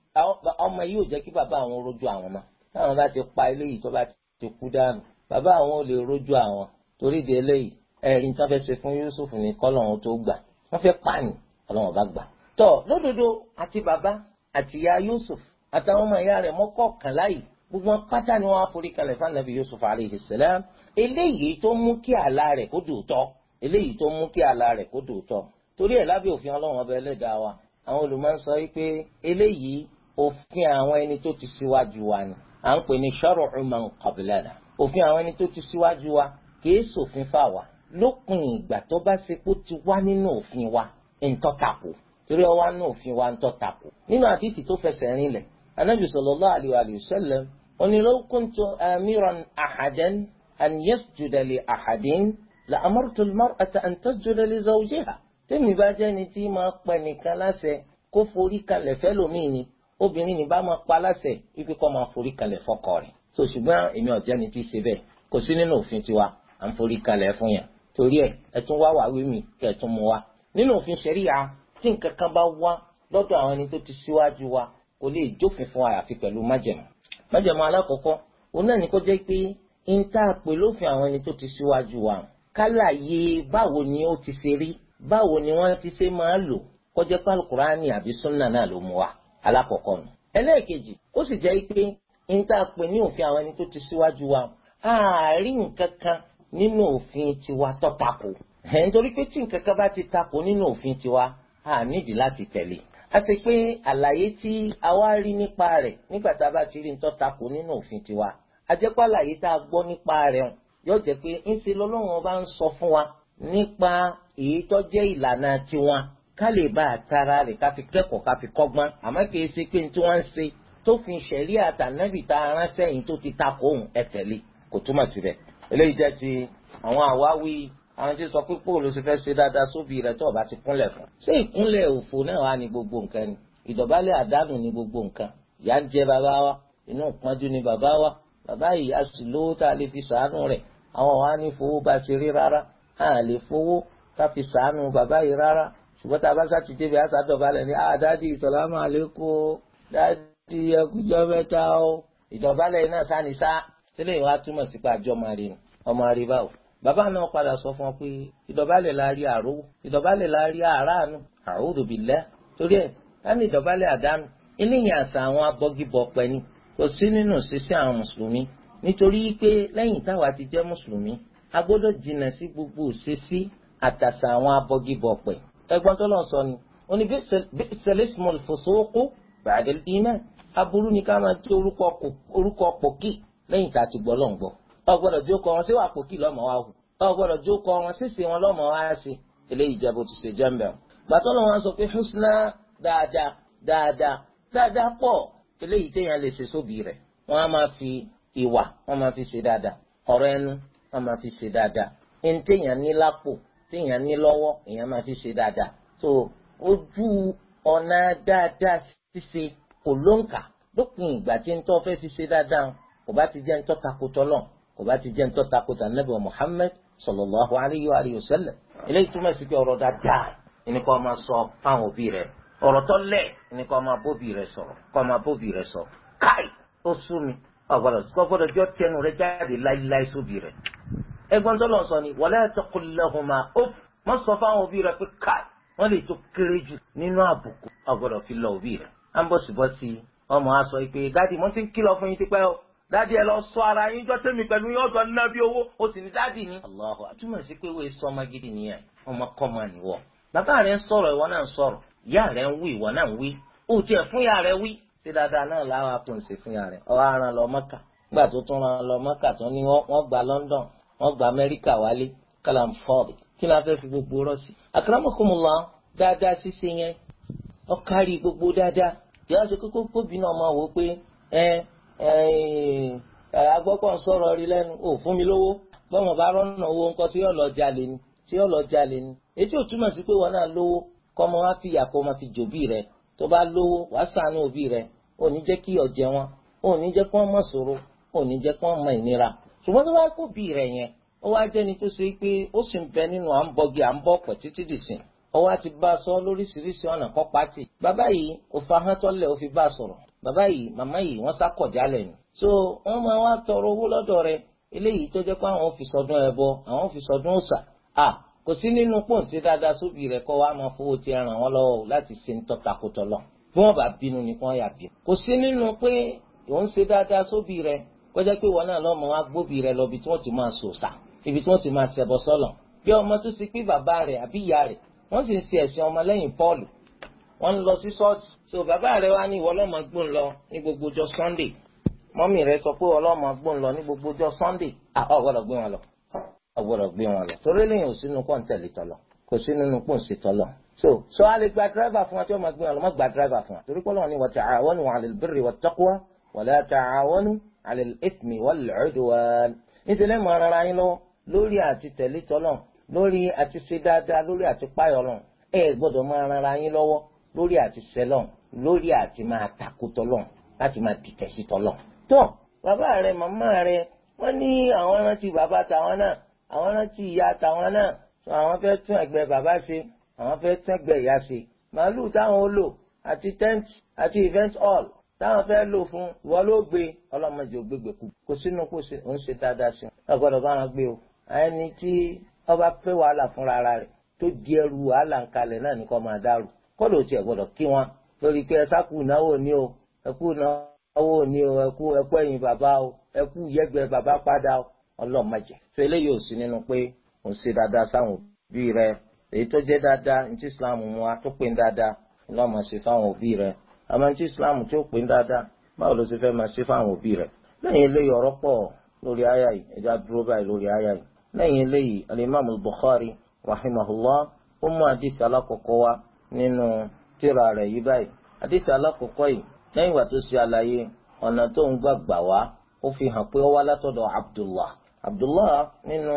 ọmọ yìí ò jẹ́ kí bàbá àwọn rojú àwọn mọ́ táwọn bá ti pa eléyìí tó bá ti kú dànù bàbá àwọn ò lè rojú àwọn torí di eléyìí ẹ̀rín tó fẹ́ ṣe fún Yusuf ní kọ́lọ́run tó gbà wọ́n fẹ́ pààyàn ọlọ́run bá gbà. tọ́ lódodo àti bàbá àti ìyá Yusuf àtàwọn ọmọ ìyá rẹ̀ mọ́kọ̀ọ̀kan láyìí gbogbo pátá ni wọ́n á forí kalẹ̀ fanabi yusuf alayhi salam eléyìí tó mú kí àlá rẹ̀ kó dòótọ́ eléyìí tó mú kí àlá rẹ̀ kó dòótọ́ torí ẹ̀ lábẹ́ òfin ọlọ́run ọba ẹlẹ́dàá wa àwọn olùmọ̀ ń sọ wípé eléyìí òfin àwọn ẹni tó ti síwájú wa ni à ń pè ní shar'u man qablana òfin àwọn ẹni tó ti síwájú wa kìí ṣòfin fáwa lópin ìgbà tó bá ṣe pé ti wá nínú òfin wa ntọ́tàkù torí ọwọ́ nínú òfin wa ntọ́tàkù nínú àdìsí tó fẹsẹ̀ rinlẹ̀ anábì sallallahu alaihi wa oni law kuntu amiran ahadan an yasjuda li ahadin la amartu al-mar'ata an tasjuda li zawjiha tẹ́mi bá jẹ́ni tí máa pẹ́ nìkan láṣẹ kó forí kalẹ̀ fẹ́lòmíì ni obìnrin ní bá máa pa láṣẹ ipe kó máa forí kalẹ̀ fọkọ rẹ̀ so ṣùgbọ́n èmi ọ̀jẹ́ni tí ṣe bẹ́ẹ̀ kò sí nínú òfin tiwa à ń forí kalẹ̀ fún yẹn torí ẹ̀ ẹ tún wá wàá wí mi kẹ́ ẹ tún mu wá nínú òfin ṣẹ̀ríya tí nǹkan kan bá wá lọ́dọ̀ àwọn ẹni tó ti síwájú wa kò lè jófin fún àyàfi pẹ̀lú májẹ̀mú májẹ̀mú alákọ̀ọ́kọ́ òun náà ni kó jẹ́ pé ń tá a pè lófin àwọn ẹni tó ti síwájú wa kálàyé báwo ni ó ti ṣe rí báwo ni wọ́n ti ṣe máa lò kó jẹ́ pé alukurani àbí sunna náà ló mú wa alákọ̀ọ́kọ́ nù. ẹlẹ́ẹ̀kejì ó sì jẹ́ pé ń tá pè ní òfin àwọn ẹni tó ti síwájú wa àárín nǹkan kan nínú òfin tiwa tó tako. ẹ̀ ń torí pé tí nǹkan kan bá ti tako nínú òfin tiwa a láti tẹ̀lé a ṣe pé àlàyé tí a wá rí nípa rẹ̀ nígbà tá a bá ti rí nítorí tako nínú òfin tiwa a jẹ́ pé àlàyé tá a gbọ́ nípa rẹ̀ hàn yóò jẹ́ pé ń ṣe lọ́lọ́run ọba ń sọ fún wa nípa èyí tó jẹ́ ìlànà tiwọn ká lè bá àtàrà rẹ̀ ká fi kẹ́kọ̀ọ́ ká fi kọ́gbọ́n àmọ́ kì ṣe pé tí wọ́n ń ṣe tó fi ṣẹ̀rí àtànábì tá a ránṣẹ́ yìí tó ti takò òun ẹ̀tẹ̀lé kò túmọ̀ síbẹ̀ eléyìí jẹ́ ti àwọn àwáwí àwọn tí sọ pé pòòlù ti fẹ́ ṣe dáadáa sóbì rẹ̀ tó ọba ti kúnlẹ̀ fún. ṣé ìkúnlẹ̀ òfò náà wà ní gbogbo nǹkan ni ìdọ̀bálẹ̀ àdánù ní gbogbo nǹkan ìyá ń jẹ bàbá wa inú ìpọ́njú ni bàbá wa bàbá yìí a sì lówó tá a lè fi sàánú rẹ̀ àwọn wa ní fowó bá ṣe rí rárá a lè fowó ká fi sàánú bàbá yìí rárá ṣùgbọ́n tá a bá sáti débi àṣà dọ̀bálẹ̀ ni àdáàdì ìsọ̀lámù àlékún dáàdì ẹkújọ́ mẹ́ta o ìdọ̀bálẹ̀ náà sáni sá sílẹ̀ ìwà túmọ̀ sí pé àjọ máa bàbá náà padà sọ fún ọ pé ìdọ̀bálẹ̀ la rí àrówó ìdọ̀bálẹ̀ la rí àràánú a'udhu billah torí ẹ̀ láti ìdọ̀bálẹ̀ àdánù eléyìí àṣà àwọn abọ́gibọ̀pẹ̀ ni kò sí nínú ṣíṣe àwọn mùsùlùmí nítorí pé lẹ́yìn táwa ti jẹ́ mùsùlùmí a gbọ́dọ̀ jìnnà sí gbogbo ṣíṣí àtàṣà àwọn abọ́gibọ̀pẹ̀ ẹgbọ́n tó lọ́n sọ ni ó ní bi'salismul fusuqu ba'dal iman aburú ni ká máa jẹ́ orúkọ pòkì lẹ́yìn tá a ti gbọ́ lọ́n ọgbọ́dọ̀ jókòó wọn síwà pòkì lọ́mọ wa hù ọgbọ́dọ̀ jókòó wọn sísè wọn lọ́mọ wa ṣe eléyìí jẹ́ bó ti ṣe jẹ́ mbẹ́. gbàtọ́ ló wọn sọ pé húsínà dáadáa dáadáa dáadáa pọ̀ eléyìí téèyàn lè ṣe sóbì rẹ̀ wọ́n á máa fi ìwà wọ́n máa fi ṣe dáadáa ọ̀rọ̀ ẹnu wọ́n máa fi ṣe dáadáa ẹni téèyàn ní lápò téèyàn ní lọ́wọ́ èèyàn máa fi ṣe dáadáa so ojú ọ̀nà dáadáa ṣíṣe kò lóǹkà lópin ìgbà tí ń tọ́ fẹ́ fi ṣe dáadáa kò bá ti jẹ́ ń tọ́ takò tọ́lọ́ọ̀ kò bá ti jẹ́ ń tọ́ta kó ta nẹ́bẹ̀ Muhammad sallallahu alayhi wa alihi wa sallam eléyìí túmọ̀ sí pé ọ̀rọ̀ dáadáa ẹni kọ́ máa sọ fáwọn òbí rẹ̀ ọ̀rọ̀ tó lẹ̀ ẹni kọ́ máa bóbi rẹ̀ sọ̀rọ̀ kọ́ máa bóbi rẹ̀ sọ̀rọ̀ káì ó sú mi ọ̀gbọ́dọ̀ gbọ́dọ̀ jọ tẹnu rẹ̀ jáde láíláí sóbi rẹ̀ ẹgbọ́n tó lọ sọ ni wala taqul lahuma uff má dáàdi ẹ sọ ara yín jọ tẹmí pẹ̀lú yín ọjọ ná bí owó o sì ní dáàdi ni. Allahu àtúmọ̀ sí pé wọ́n sọ ọmọ gidi nìyẹn ọmọ kọ́mọ nìwọ. bàbá rẹ ń sọ̀rọ̀ ìwọ náà ń sọ̀rọ̀ ìyá rẹ ń wí ìwọ náà ń wí o tiẹ̀ fún rẹ wí. ṣé dáadáa náà láwọn fún rẹ aràn lọ mọ́kà nígbà tó tún lọ mọ́kà tó ní wọ́n gba London wọ́n gba Amẹ́ríkà agbọ́pọ̀ sọ̀rọ̀ rí lẹ́nu ò fún mi lówó gbọ́mọ̀ bá rọ́nà owó tí yóò lọ jalè ni tí yóò lọ jalè ni ètò ìtumọ̀ sí pé náà lówó wa fi yàkọ́ ọmọ fi jòbí rẹ tó bá lówó wàá sànú òbí rẹ ò ní jẹ́ kí ọ̀jẹ̀ wọn ò ní jẹ́ kí wọ́n mọ̀ sòro ò ní jẹ́ kí wọ́n ìnira ṣùgbọ́n tó bá kó bí rẹ pé ó sì ń nínú títí dìsìn ti bá a sọ lóríṣiríṣi ọ̀nà kọ́ pàtì bàbá yìí ó fi bá a bàbá yìí màmá yìí wọ́n sá kọ̀ jálẹ̀ ni. so wọ́n máa wá tọrọ owó lọ́dọ̀ rẹ eléyìí tó jẹ́ pé àwọn fi sọdún ẹbọ àwọn fi sọdún òòṣà à kò sí nínú pòǹsí dáadáa sóbì rẹ kọ́ wa máa fowó ti ràn wọ́n lọ́wọ́ láti ṣe ń tọ́takùtọ̀ lọ bí wọ́n bá bínú ni wọ́n yà bí. kò sí nínú pé òun ṣe dáadáa sóbì rẹ kọjá pé wọn náà lọ́mọ wa gbóbi rẹ lọ ibi tí wọ́n ti máa sòòṣà ibi tí wọ́n ti máa ṣẹbọ wọ́n ń lọ sí ṣọ́ọ̀ṣì so bàbá rẹ wá ní ìwọ ọlọ́mọ gbọ́n lọ ní gbogbo ọjọ́ sunday mọ́mì rẹ sọ pé ọlọ́mọ gbọ́n lọ ní gbogbo ọjọ́ sunday ah, ọ gbọ́dọ̀ gbé wọn lọ ọ gbọ́dọ̀ gbé wọn lọ torí lẹ́yìn ò sínú kọ́ ń tẹ̀lé tọ̀lọ̀ kò sínú nu kò ń ṣe tọ̀lọ̀ so so a lè gba dírẹ́fà fún wa tí wọ́n máa gbé wọn lọ má gba dírẹ́fà fún wa torí pé Ọlọ́run ní lórí àti tẹ̀lé tọlọ lórí àti ṣe dáadáa lórí àti páyọ lọ ẹ gbọ́dọ̀ mọ ara yín lọ́wọ́ lórí àti sẹlọ̀n lórí àti máa takò tọlọ̀n láti máa dìtẹ̀ sí tọlọ̀n. tó bàbá rẹ màmá rẹ wọ́n ní àwọn rántí bàbá tàwọn náà àwọn rántí ìyá tàwọn náà àwọn fẹ́ tún ẹgbẹ́ bàbá ṣe àwọn fẹ́ tún ẹgbẹ́ ìyá ṣe màálù táwọn ó lò àti tent àti event hall táwọn fẹ́ lò fún ìwọ ló gbé ọlọ́mọdé ò gbégbé kú kò sínú kó ṣe ń ṣe dáadáa sí wọn gbọ́dọ̀ bá wọn gbé o ẹni tí ọba pé wàhálà fúnra rẹ̀ tó di ẹrù wàhálà ń kalẹ̀ náà ní kó máa dárò kọ́dọ̀ ò tiẹ̀ gbọ́dọ̀ kí wọn lórí pé ẹsà kù náwó ni o ẹkú náwó ni o ẹkú ẹkú ẹ̀yìn bàbá o ẹkú yẹgbẹ́ bàbá padà o ọlọ́mọdé. tó eléyìí ò sí nínú pé ò ṣe dáadáa sáwọn òbí rẹ èyí tó jẹ́ dáadáa ní ti islam mu wa tó pè ń dáadáa ṣe fáwọn òbí rẹ àmọ́ islam tó pè ń dáadáa báwo ló ṣe fẹ́ máa ṣe fáwọn òbí rẹ. lẹ́yìn eléyìí ọ̀rọ̀ pọ̀ lórí yìí báyìí lórí Bukhari rahimahullah ó mú wa nínú tírà rẹ̀ yìí báyìí àdìsí alákọ̀ọ́kọ́ yìí lẹ́yìn ìgbà tó ṣe àlàyé ọ̀nà tó ń gbà gbà wá ó fi hàn pé ó wá látọ̀dọ̀ abdullah abdullah nínú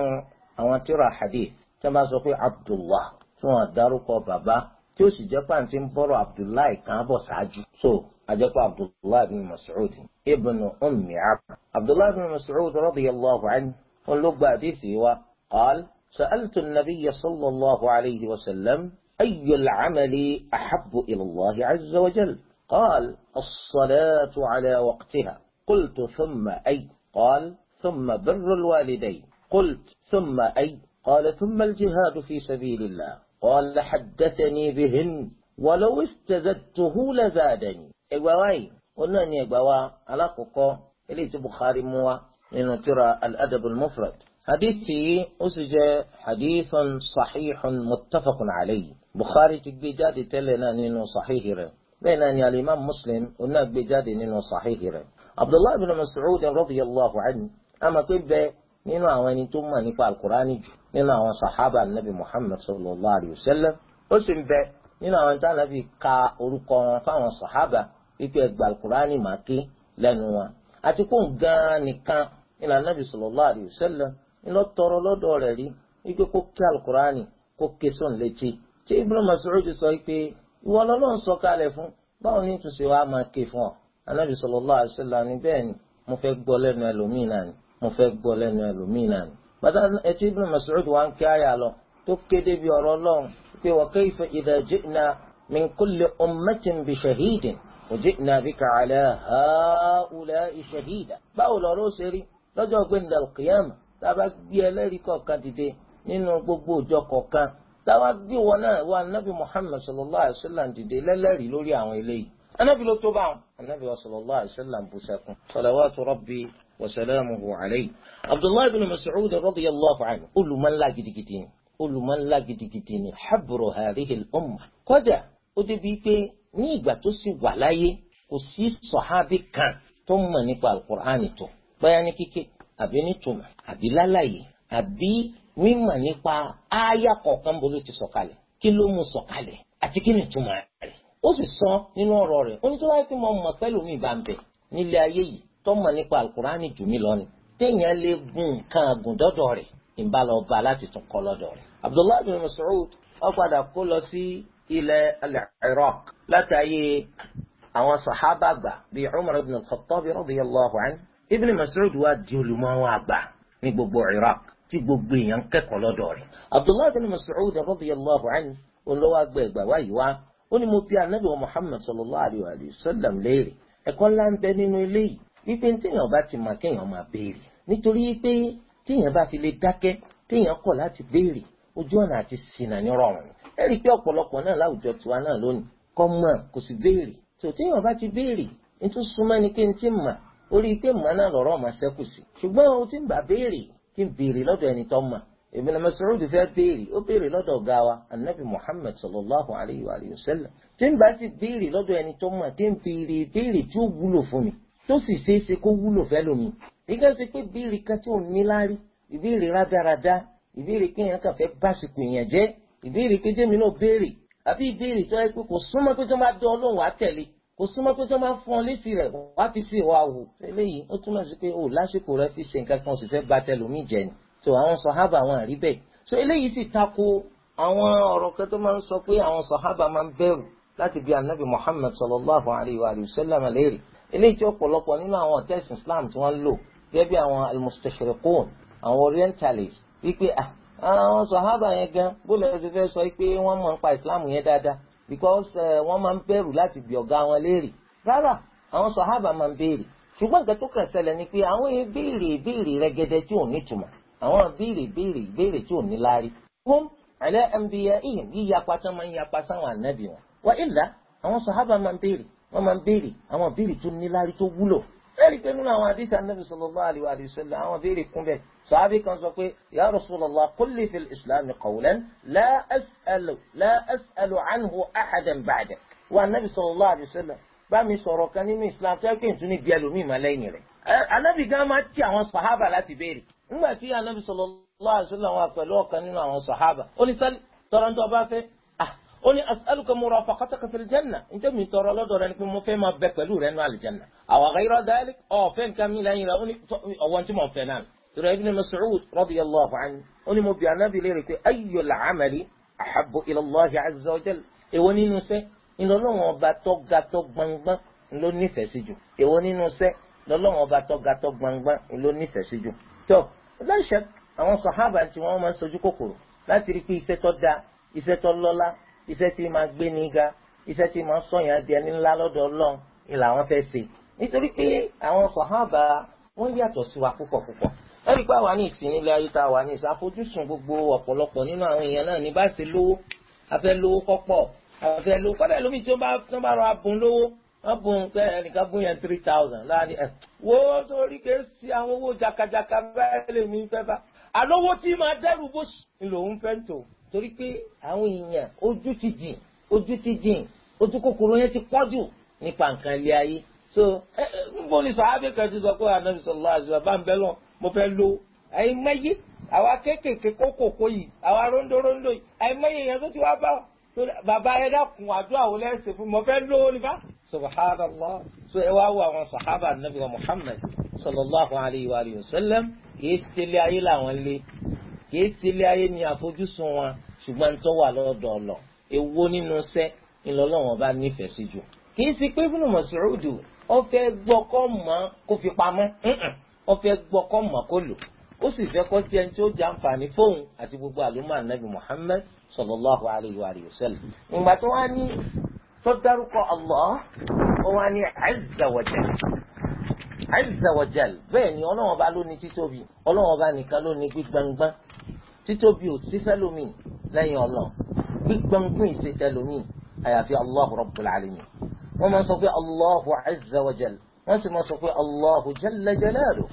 àwọn tírà hadith tí wọ́n bá sọ pé abdullah tí wọ́n dárúkọ bàbá tí ó sì jẹ́ pàǹtí ń bọ́rọ̀ abdullah kan bọ̀ ṣáájú so àjẹpọ̀ abdullah bin mas'ud ibn ummi abd abdullah bin mas'ud radiyallahu anhu wọn ló gba àdìsí wa qaal sa'altu an-nabiy sallallahu alayhi wa sallam أي العمل أحب إلى الله عز وجل قال الصلاة على وقتها قلت ثم أي قال ثم بر الوالدين قلت ثم أي قال ثم الجهاد في سبيل الله قال حدثني بهن ولو استزدته لزادني إغواي إيه؟ قلنا أني إغوا إيه على قوقو إليت بخاري موا لأنه ترى الأدب المفرد حديثي أسجى حديث صحيح متفق عليه bukhari ti gbé jáde tẹ́lẹ̀ náà nínú sàhíhì rẹ̀ bẹ́ẹ̀ náà ni alimam muslim oná gbé jáde nínú sàhíhì rẹ̀ abdullahi bin mas'ud radiyallahu anhu ama pé bẹ́ẹ̀ nínú àwọn ẹni tó mọ̀ nípa alukurani jù nínú àwọn sahaba anabi muhammad sallallahu alayhi wa sallam ó sì ń bẹ nínú àwọn tí anabi ka orúkọ wọn fáwọn sahaba wípé ẹgbà alukurani máa ké lẹ́nu wọn àti kó gan nìkan nínú anabi sallallahu alayhi wa sallam ńlọ tọrọ lọ́dọ̀ rẹ̀ rí wípé kó ké alukurani kó ké sóun tí Ibn Mas'ud sọ pé ìwọ lọ́lọ́run sọ kalẹ̀ fún báwo ní túnṣe wàá máa ké fún ọ anábì sallallahu alaihi wasallam ni bẹ́ẹ̀ ni mo fẹ́ gbọ́ lẹ́nu ẹlòmíì náà ni mo fẹ́ gbọ́ lẹ́nu ẹlòmíì náà ni bàtà ẹtí Ibn Mas'ud wà ń kí àyà lọ tó kéde bí ọ̀rọ̀ Ọlọ́run pé wa kayfa idha ji'na min kulli ummatin bi shahidin wa ji'na bika ala ha'ula'i shahida báwo lọ́rọ̀ ó ṣe rí táwa gbé wọn náà wá anabi muhammed sallallahu alayhi wa sallam dìde lẹ́lẹ́rìí lórí àwọn eléyìí anabi ló tó bá wọn anabi wa sallallahu alayhi wa sallam bú sẹ́kún salawatu rabbi wa salamuhu alayhi abdullahi bin mas'ud radiyallahu anhu olùmọ̀nlá gidigidi ni olùmọ̀nlá gidigidi ni habru hadhihi al-umma kọjá ó débi pé ní ìgbà tó sì wà láyé kò sí sọ̀hábì kan tó mọ̀ nípa alukur'an tó báyà ní kíké àbí nítumọ̀ àbí lálàyé àbí mímọ̀ nípa ááyà kọ̀ọ̀kan bó ló ti sọ̀kalẹ̀ kí ló mú sọ̀kalẹ̀ àti kí ni ìtumọ̀ rẹ̀ ó sì sọ nínú ọ̀rọ̀ rẹ̀ ó ní tó wáyé pé mo mọ̀ pẹ́lú mi bá ń bẹ̀ nílé ayé yìí tó mọ̀ nípa alukurani jù mí lọ ni téèyàn lè gun nǹkan àgùn dọ́dọ̀ rẹ̀ ìbá lọ bá láti tún kọ́ lọ́dọ̀ rẹ̀. Abdullahi bin Mas'ud ó padà kó lọ sí ilẹ̀ Iraq látàyè àwọn sàhábà àgbà bíi Umar ibn al-Khattab radiyallahu anhu ibn Mas'ud wá di olùmọ̀ àwọn àgbà ní gbogbo Iraq tí gbogbo èèyàn kẹ́kọ̀ọ́ lọ́dọ̀ rẹ̀. abdullahi bin mas'ud radiyallahu anhu olówó agbẹ ìgbà wáyé wa ó ní mo bi anabi wa muhammad sallallahu alayhi wa sallam léèrè ẹ̀kọ́ ńlá ń bẹ nínú eléyìí wípé téèyàn bá ti mọ̀ kéèyàn máa béèrè nítorí pé téèyàn bá fi lè dákẹ́ téèyàn kọ̀ láti béèrè ojú ọ̀nà àti ṣìnà ní rọrùn ẹ rí i pé ọ̀pọ̀lọpọ̀ náà láwùjọ tiwa náà lónìí kọ́ mọ̀ kò sì béèrè tó téèyàn bá ti béèrè nítorí súnmọ́ ni pé n ti mọ̀ orí pé mọ̀ náà lọ́rọ̀ máa ṣẹ́kù sí ṣùgbọ́n o ti ń bà béèrè kí n béèrè lọ́dọ̀ ẹni tó mà Ibn Mas'ud fẹ́ béèrè ó béèrè lọ́dọ̀ ọ̀gá wa anabi Muhammad sallallahu alayhi wa sallam tí n bá sì béèrè lọ́dọ̀ ẹni tó mà tí n béèrè béèrè tí ó wúlò fún mi tó sì ṣeé ṣe kó wúlò fẹ́ lómi nígbà tí pé béèrè kan tí ò ní láárí ìbéèrè rádaràda ìbéèrè kéèyàn kàn fẹ́ básìkò èèyàn jẹ́ ìbéèrè kéjémi náà béèrè àbí ìbéèrè kò súnmọ́ pé tó máa fún ọ létí rẹ̀ wá fi sí ìwà wò eléyìí ó túmọ̀ sí pé o lásìkò rẹ ti ṣe nǹkan kan sì fẹ́ ba tẹlòmíì jẹ ni tó àwọn sọ̀hábà wọn àrí bẹ́ẹ̀ so eléyìí sì tako àwọn ọ̀rọ̀ kan tó máa ń sọ pé àwọn sọ̀hábà máa ń bẹ̀rù láti bí anabi Muhammad sallallahu alayhi wa sallam léèrè eléyìí tí ọ̀pọ̀lọpọ̀ nínú àwọn tẹ̀sìn Islam tí wọ́n lò gẹ́gẹ́ bí àwọn almustashriqun because eh, wọ́n máa ń bẹ̀rù láti bi ọ̀gá wọn léèrè rárá àwọn sọ̀hábà máa ń béèrè ṣùgbọ́n nǹkan tó kàn ṣẹlẹ̀ ni pé àwọn ìbéèrè ìbéèrè rẹ̀gẹ̀dẹ̀ tí ò ní tùmọ̀ àwọn ìbéèrè ìbéèrè ìbéèrè tí ò ní láárí. wọ́n ala anbiya'ihim yíyapa tán máa ń yapa sáwọn ànábì wọn. wa illa àwọn sọ̀hábà máa ń béèrè wọ́n máa ń béèrè àwọn ìbéèrè tó ní láárí tó wúlò ẹ̀rí pé nínú àwọn àdìsí anábì sallallahu alaihi wa sallam àwọn béèrè kún bẹ́ẹ̀ sàábì kan sọ pé ya Rasulullah kulli fil islam qawlan la as'alu la as'alu anhu ahadan ba'dak wa anábì sallallahu alaihi wa bá mi sọ̀rọ̀ kan nínú islam tó yẹ kí n tún ní bí ẹlòmíì máa lẹ́yìn rẹ̀ anábì gan máa ti àwọn sàhábà láti béèrè nígbà tí anábì sallallahu alaihi wa ọ̀kan nínú àwọn sàhábà ó ní bá fẹ́ ó ní as'aluka murafaqataka fil janna níta mi tọrọ lọ́dọ̀ rẹ ni pé mo fẹ́ máa bẹ pẹ̀lú rẹ nù àlìjẹ́nà àwa ghayra dhalik ọ̀fẹ́ nǹkan mi lẹ́yìn rẹ ó ní ọ̀wọ́n tí mo fẹ́ náà tìrọ ibn Mas'ud radiyallahu anhu ó ní mo bi anabi léèrè pé ayyul amali ahabbu ila Allahi azza wa jalla èwo nínú sẹ́ ìlọ́lọ́wọ́n ọba tọ́ga tọ́ gbangban ló nífẹ̀ẹ́ sí jù èwo nínú sẹ́ lọ́lọ́wọ́n ọba tọ́ga tọ́ gbangban ló iṣẹ́ tí máa gbé ní ga iṣẹ́ tí máa sọ̀yàn di ẹni ńlá lọ́dọ̀ ọlọ́run ni làwọn fẹ́ ṣe nítorí pé àwọn sàhábà wọ́n yàtọ̀ sí wa púpọ̀ púpọ̀ ẹ̀rí pé àwa ní ìsìn ilé ayé tá a wà ní ìsìn àfojúsùn gbogbo ọ̀pọ̀lọpọ̀ nínú àwọn èèyàn náà ní bá ṣe lówó afẹ́ lówó kọ́pọ̀ afẹ́ lówó kọ́dà lómi tí ó bá tán bá rọ abùn lówó wọ́n bùn pé ẹnìkan bùn yẹn three thousand láàrin ẹ̀ wo sórí ké sí àwọn owó jakajaka bẹ́ẹ̀ lè mí fẹ́ bá alówó tí máa dẹ́rù bó ṣì ń lòún fẹ́ ń torí pé àwọn èèyàn ojú ti jìn ojú ti jìn ojú kòkòrò yẹn ti pọ́jù nípa nǹkan ilé ayé so ẹ ẹ nbọ ni sàábẹ kan ti sọ pé anabi sọlọ àzùbà bá ń bẹ lọ mo fẹ́ lo àìmọye àwa kéékèèké kókòkò yìí àwa rondórondó yìí àìmọye yẹn tó ti wá bá bàbá yẹn dákun àdúrà wò lẹsẹ fún mo fẹ́ lo nípa. subhanallah so ẹ wá wo àwọn sàhábà anabi wa muhammad sallallahu alayhi wa sallam kì í tẹ̀lé ayé làwọn lé kìí ṣe ayé ni àfojúsùn wọn ṣùgbọ́n ń tọ́wà lọ́dọ̀ ọ̀lọ́ èwo nínú sẹ́ ńlọ́lọ́wọ́n bá nífẹ̀ẹ́ sí jù kìí ṣe pé Ibn Mas'ud ó fẹ́ gbọ́ kọ́ mọ́ kó fi pamọ́ ó fẹ́ gbọ́ kọ́ mọ́ kó lò ó sì fẹ́ kọ́ jẹun tí ó jẹ àǹfààní fóun àti gbogbo àlùmọ́ ànábì Muhammad sallallahu alayhi wa sallam ìgbà tó wá ní tó dárúkọ Allah ó wá ní azza wa jalla azza wa jalla bẹ́ẹ̀ ni ọlọ́wọ́n bá ló títóbi ọlọ́wọ́n bá nìkan ló ní títóbi ò sí fẹ́lómi lẹ́yìn ọlọ́run gbígbọ́ngbọ́n ìṣe tẹ́lómi àyàfi allahu rabbul alamin wọ́n máa sọ pé allahu azza wa jal wọ́n sì máa sọ pé allahu jalla jalalu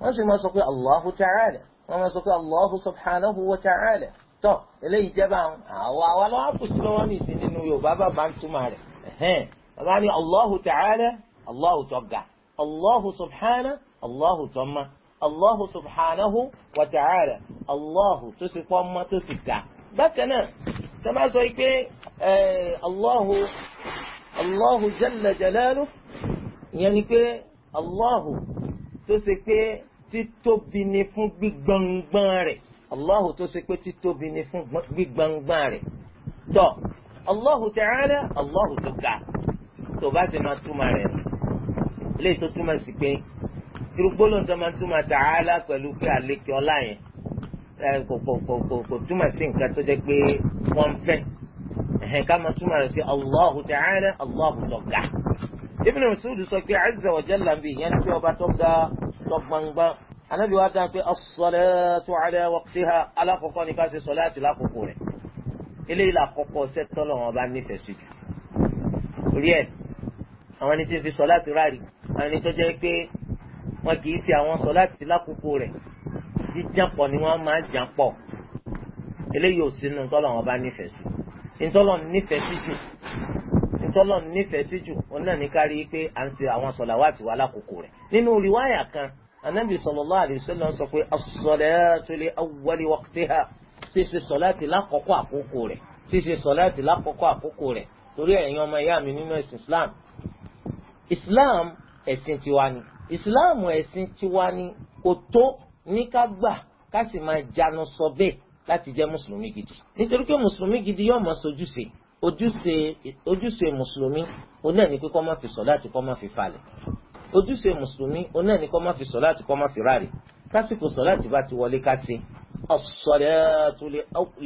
wọ́n sì máa sọ pé allahu ta'ala wọ́n máa sọ pé allahu subhanahu wa ta'ala tọ́ eléyìí jẹ́bà àwọn àwọn aláwọ̀ àpòsí lọ́wọ́ ní ìsìn nínú yorùbá bàbá ń túmọ̀ rẹ̀ ẹ̀hẹ́n bàbá ní allahu ta'ala allahu tó ga allahu subhanahu allahu allahu subhanahu wa ta'ala allahu tó sì pọ́ mọ́ tó sì ga bákan náà tó máa sọ pé allahu allahu jalla jalaluhu ìyẹn ni pé allahu tó sì pé títóbi ni fún gbígbọ̀ngbọ̀n rẹ̀ allahu tó sì pé títóbi ni fún gbígbọ̀ngbọ̀n rẹ̀ tọ́ allahu ta'ala allahu tó ga tó bá ti máa túmọ̀ rẹ̀ lè tó túmọ̀ sí pé irúgbóló ń sọmọ túmọ̀ tààlà pẹ̀lú pé àlekè ọlá yẹn kò kò kò kò kò túmọ̀ sí nǹkan tó jẹ́ pé wọ́n ń fẹ́ ẹ̀hìn ká máa túmọ̀ rẹ̀ sí Allahu ta'ala Allahu lọ́gà. Ibn Mas'ud sọ pé azza wa jalla ń bì yẹn tí ọba tó ga lọ gbangba anábì wa dáa pé as-salatu ala waqtiha alákọ̀ọ́kọ́ ni ká ṣe sọ̀láàtì lákòókò rẹ̀ eléyìí làkọ́kọ́ sẹ́tọ́lọ́ wọn bá nífẹ̀ẹ́ sí jù. orí ẹ̀ àwọn ẹni tí ń fi sọ̀láàtì ráàlì àwọn ẹni tó jẹ́ pé wọn kì í ṣe àwọn sọ láti lákòókò rẹ̀ jíjàn pọ̀ ni wọ́n máa jàn pọ̀ eléyìí ò sínú ntọ́lọ̀ wọn bá nífẹ̀ẹ́ sí ntọ́lọ̀ nífẹ̀ẹ́ sí jù ntọ́lọ̀ nífẹ̀ẹ́ sí jù òun náà ní kárí pé à ń ṣe àwọn sọ̀làwátì wa lákòókò rẹ̀ nínú rìwáyà kan anábì sallallahu alaihi wasallam sọ pé as-salatu li awwali waqtiha ṣíṣe sọ̀láàtì lákọ̀ọ́kọ́ àkókò rẹ̀ ṣíṣe sọ̀láàtì lákọ̀ọ́kọ́ àkókò rẹ̀ torí ẹ̀yin ọmọ ìyá mi nínú ẹ̀sìn Islam Islam ẹ̀sìn tiwa ni ìsìláàmù ẹ̀sìn tiwa ni kò tó ní ká gbà ká sì máa jánu sọ bẹ́ẹ̀ láti jẹ́ mùsùlùmí gidi nítorí pé mùsùlùmí gidi yóò máa sojúṣe ojúṣe ojúṣe mùsùlùmí oní ẹni pé kó má fi sọ̀láàtì kó má fi falẹ̀ ojúṣe mùsùlùmí oní ẹni kó má fi sọ̀láàtì kó má fi ráre kásìkò sọ̀láàtì bá ti wọlé ká ti as-salatu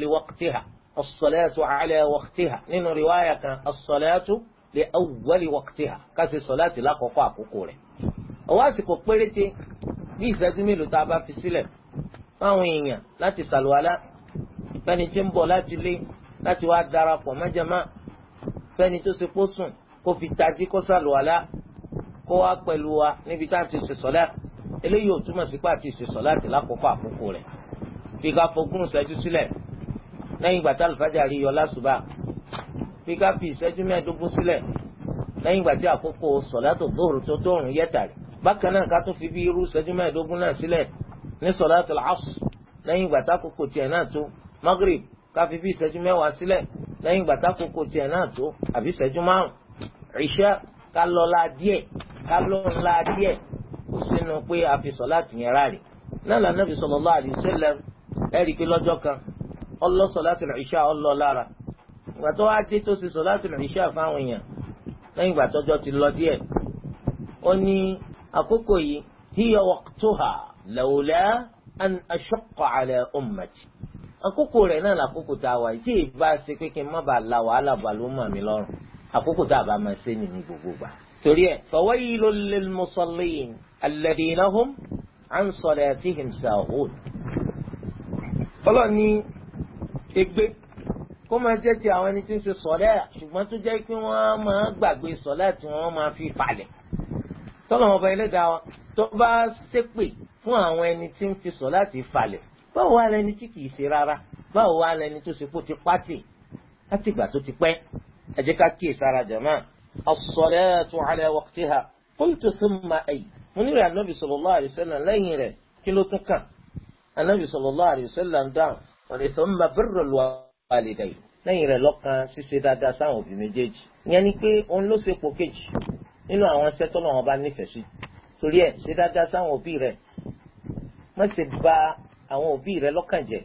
li waqtiha as-salatu ala waqtiha nínú riwaya kan as-salatu li awwali waqtiha kásì sọ̀láàtì lákòókò àkókò rẹ̀ ọwọ́ àsìkò péréte bí ìṣẹ́jú mélòó tá a bá fi sílẹ̀ fáwọn èèyàn láti sàlùwálá fẹ́ni tí ń bọ̀ láti lé láti wá darapọ̀ mẹ́jẹ̀má fẹ́ni tó ṣe kó sùn kó fi tají kó sàlùwálá kó wá pẹ̀lú wa níbi tá a ti ṣe sọ́lá eléyìí ò túmọ̀ sí pé àti ṣe sọ́lá ti lákòókò àkókò rẹ̀ fi ká fogún ìṣẹ́jú sílẹ̀ lẹ́yìn ìgbà tá àlùfáàjà rí yọ lásùbà fi ká fi ìṣẹ́jú mẹ́ẹ̀ẹ́dógún sílẹ̀ lẹ́yìn ìgbà tí àkókò sọ̀látò dóòrò tó dóòrùn yẹ̀tàrí bákan náà ká tún fi bí irú ìṣẹ́jú mẹ́ẹ̀ẹ́dógún náà sílẹ̀ ní sọ̀láàtì lásù lẹ́yìn ìgbà tákòkò tiẹ̀ náà tó magrib ká fi bí ìṣẹ́jú mẹ́wàá sílẹ̀ lẹ́yìn ìgbà tákòkò tiẹ̀ náà tó àbí ìṣẹ́jú márùn ìṣá ká lọ́la díẹ̀ ká díẹ̀ kò sínú pé a fi sọ̀láàtì yẹn ráàlì náà lànà bí sallallahu alaihi pé lọ́jọ́ kan àkókò yìí hiya waqtuha lawla an ashaqqa ala ummati àkókò rẹ̀ náà làkókò tá a wà yìí tí ìbá ṣe pé kí n má bàa la wàhálà bàlúmọ̀ mi lọ́rùn àkókò tá a bá máa ṣe nìyí gbogbo gbà. torí ẹ fawailul lil musallin alladhina hum an salatihim sahun. ọlọ́ni egbe kó máa jẹ́ ti àwọn ẹni tí ń ṣe sọ̀lẹ́ ṣùgbọ́n tó jẹ́ pé wọ́n máa gbàgbé sọ̀lẹ́ tí wọ́n máa fi falẹ̀ tọ́lọ́mọ ọba ẹlẹ́dàá wa tó bá ṣépè fún àwọn ẹni tí ń fi sọ láti falẹ̀ báwo wá lẹni tí kìí ṣe rárá báwo wá lẹni tó ṣe kó ti pátì láti ìgbà tó ti pẹ́ ẹ jẹ́ ká kíyè sára jàmá as-salatu ala waqtiha qultu thumma ay mo nílò ànábì sallallahu alaihi wasallam lẹ́yìn rẹ̀ kí ló tún kàn ànábì sallallahu alaihi wasallam dáhùn wọ́n lè thumma birrul walidayn lẹ́yìn rẹ̀ lọ́kàn ṣíṣe dáadáa sáwọn òbí méjèèjì ìyẹn ni pé òun ló ṣe pò kejì nínú àwọn iṣẹ́ tó lọ́wọ́ bá nífẹ̀ẹ́ sí torí ẹ̀ ṣe dáadáa sáwọn òbí rẹ̀ má ṣe bà àwọn òbí rẹ̀ lọ́kàn jẹ́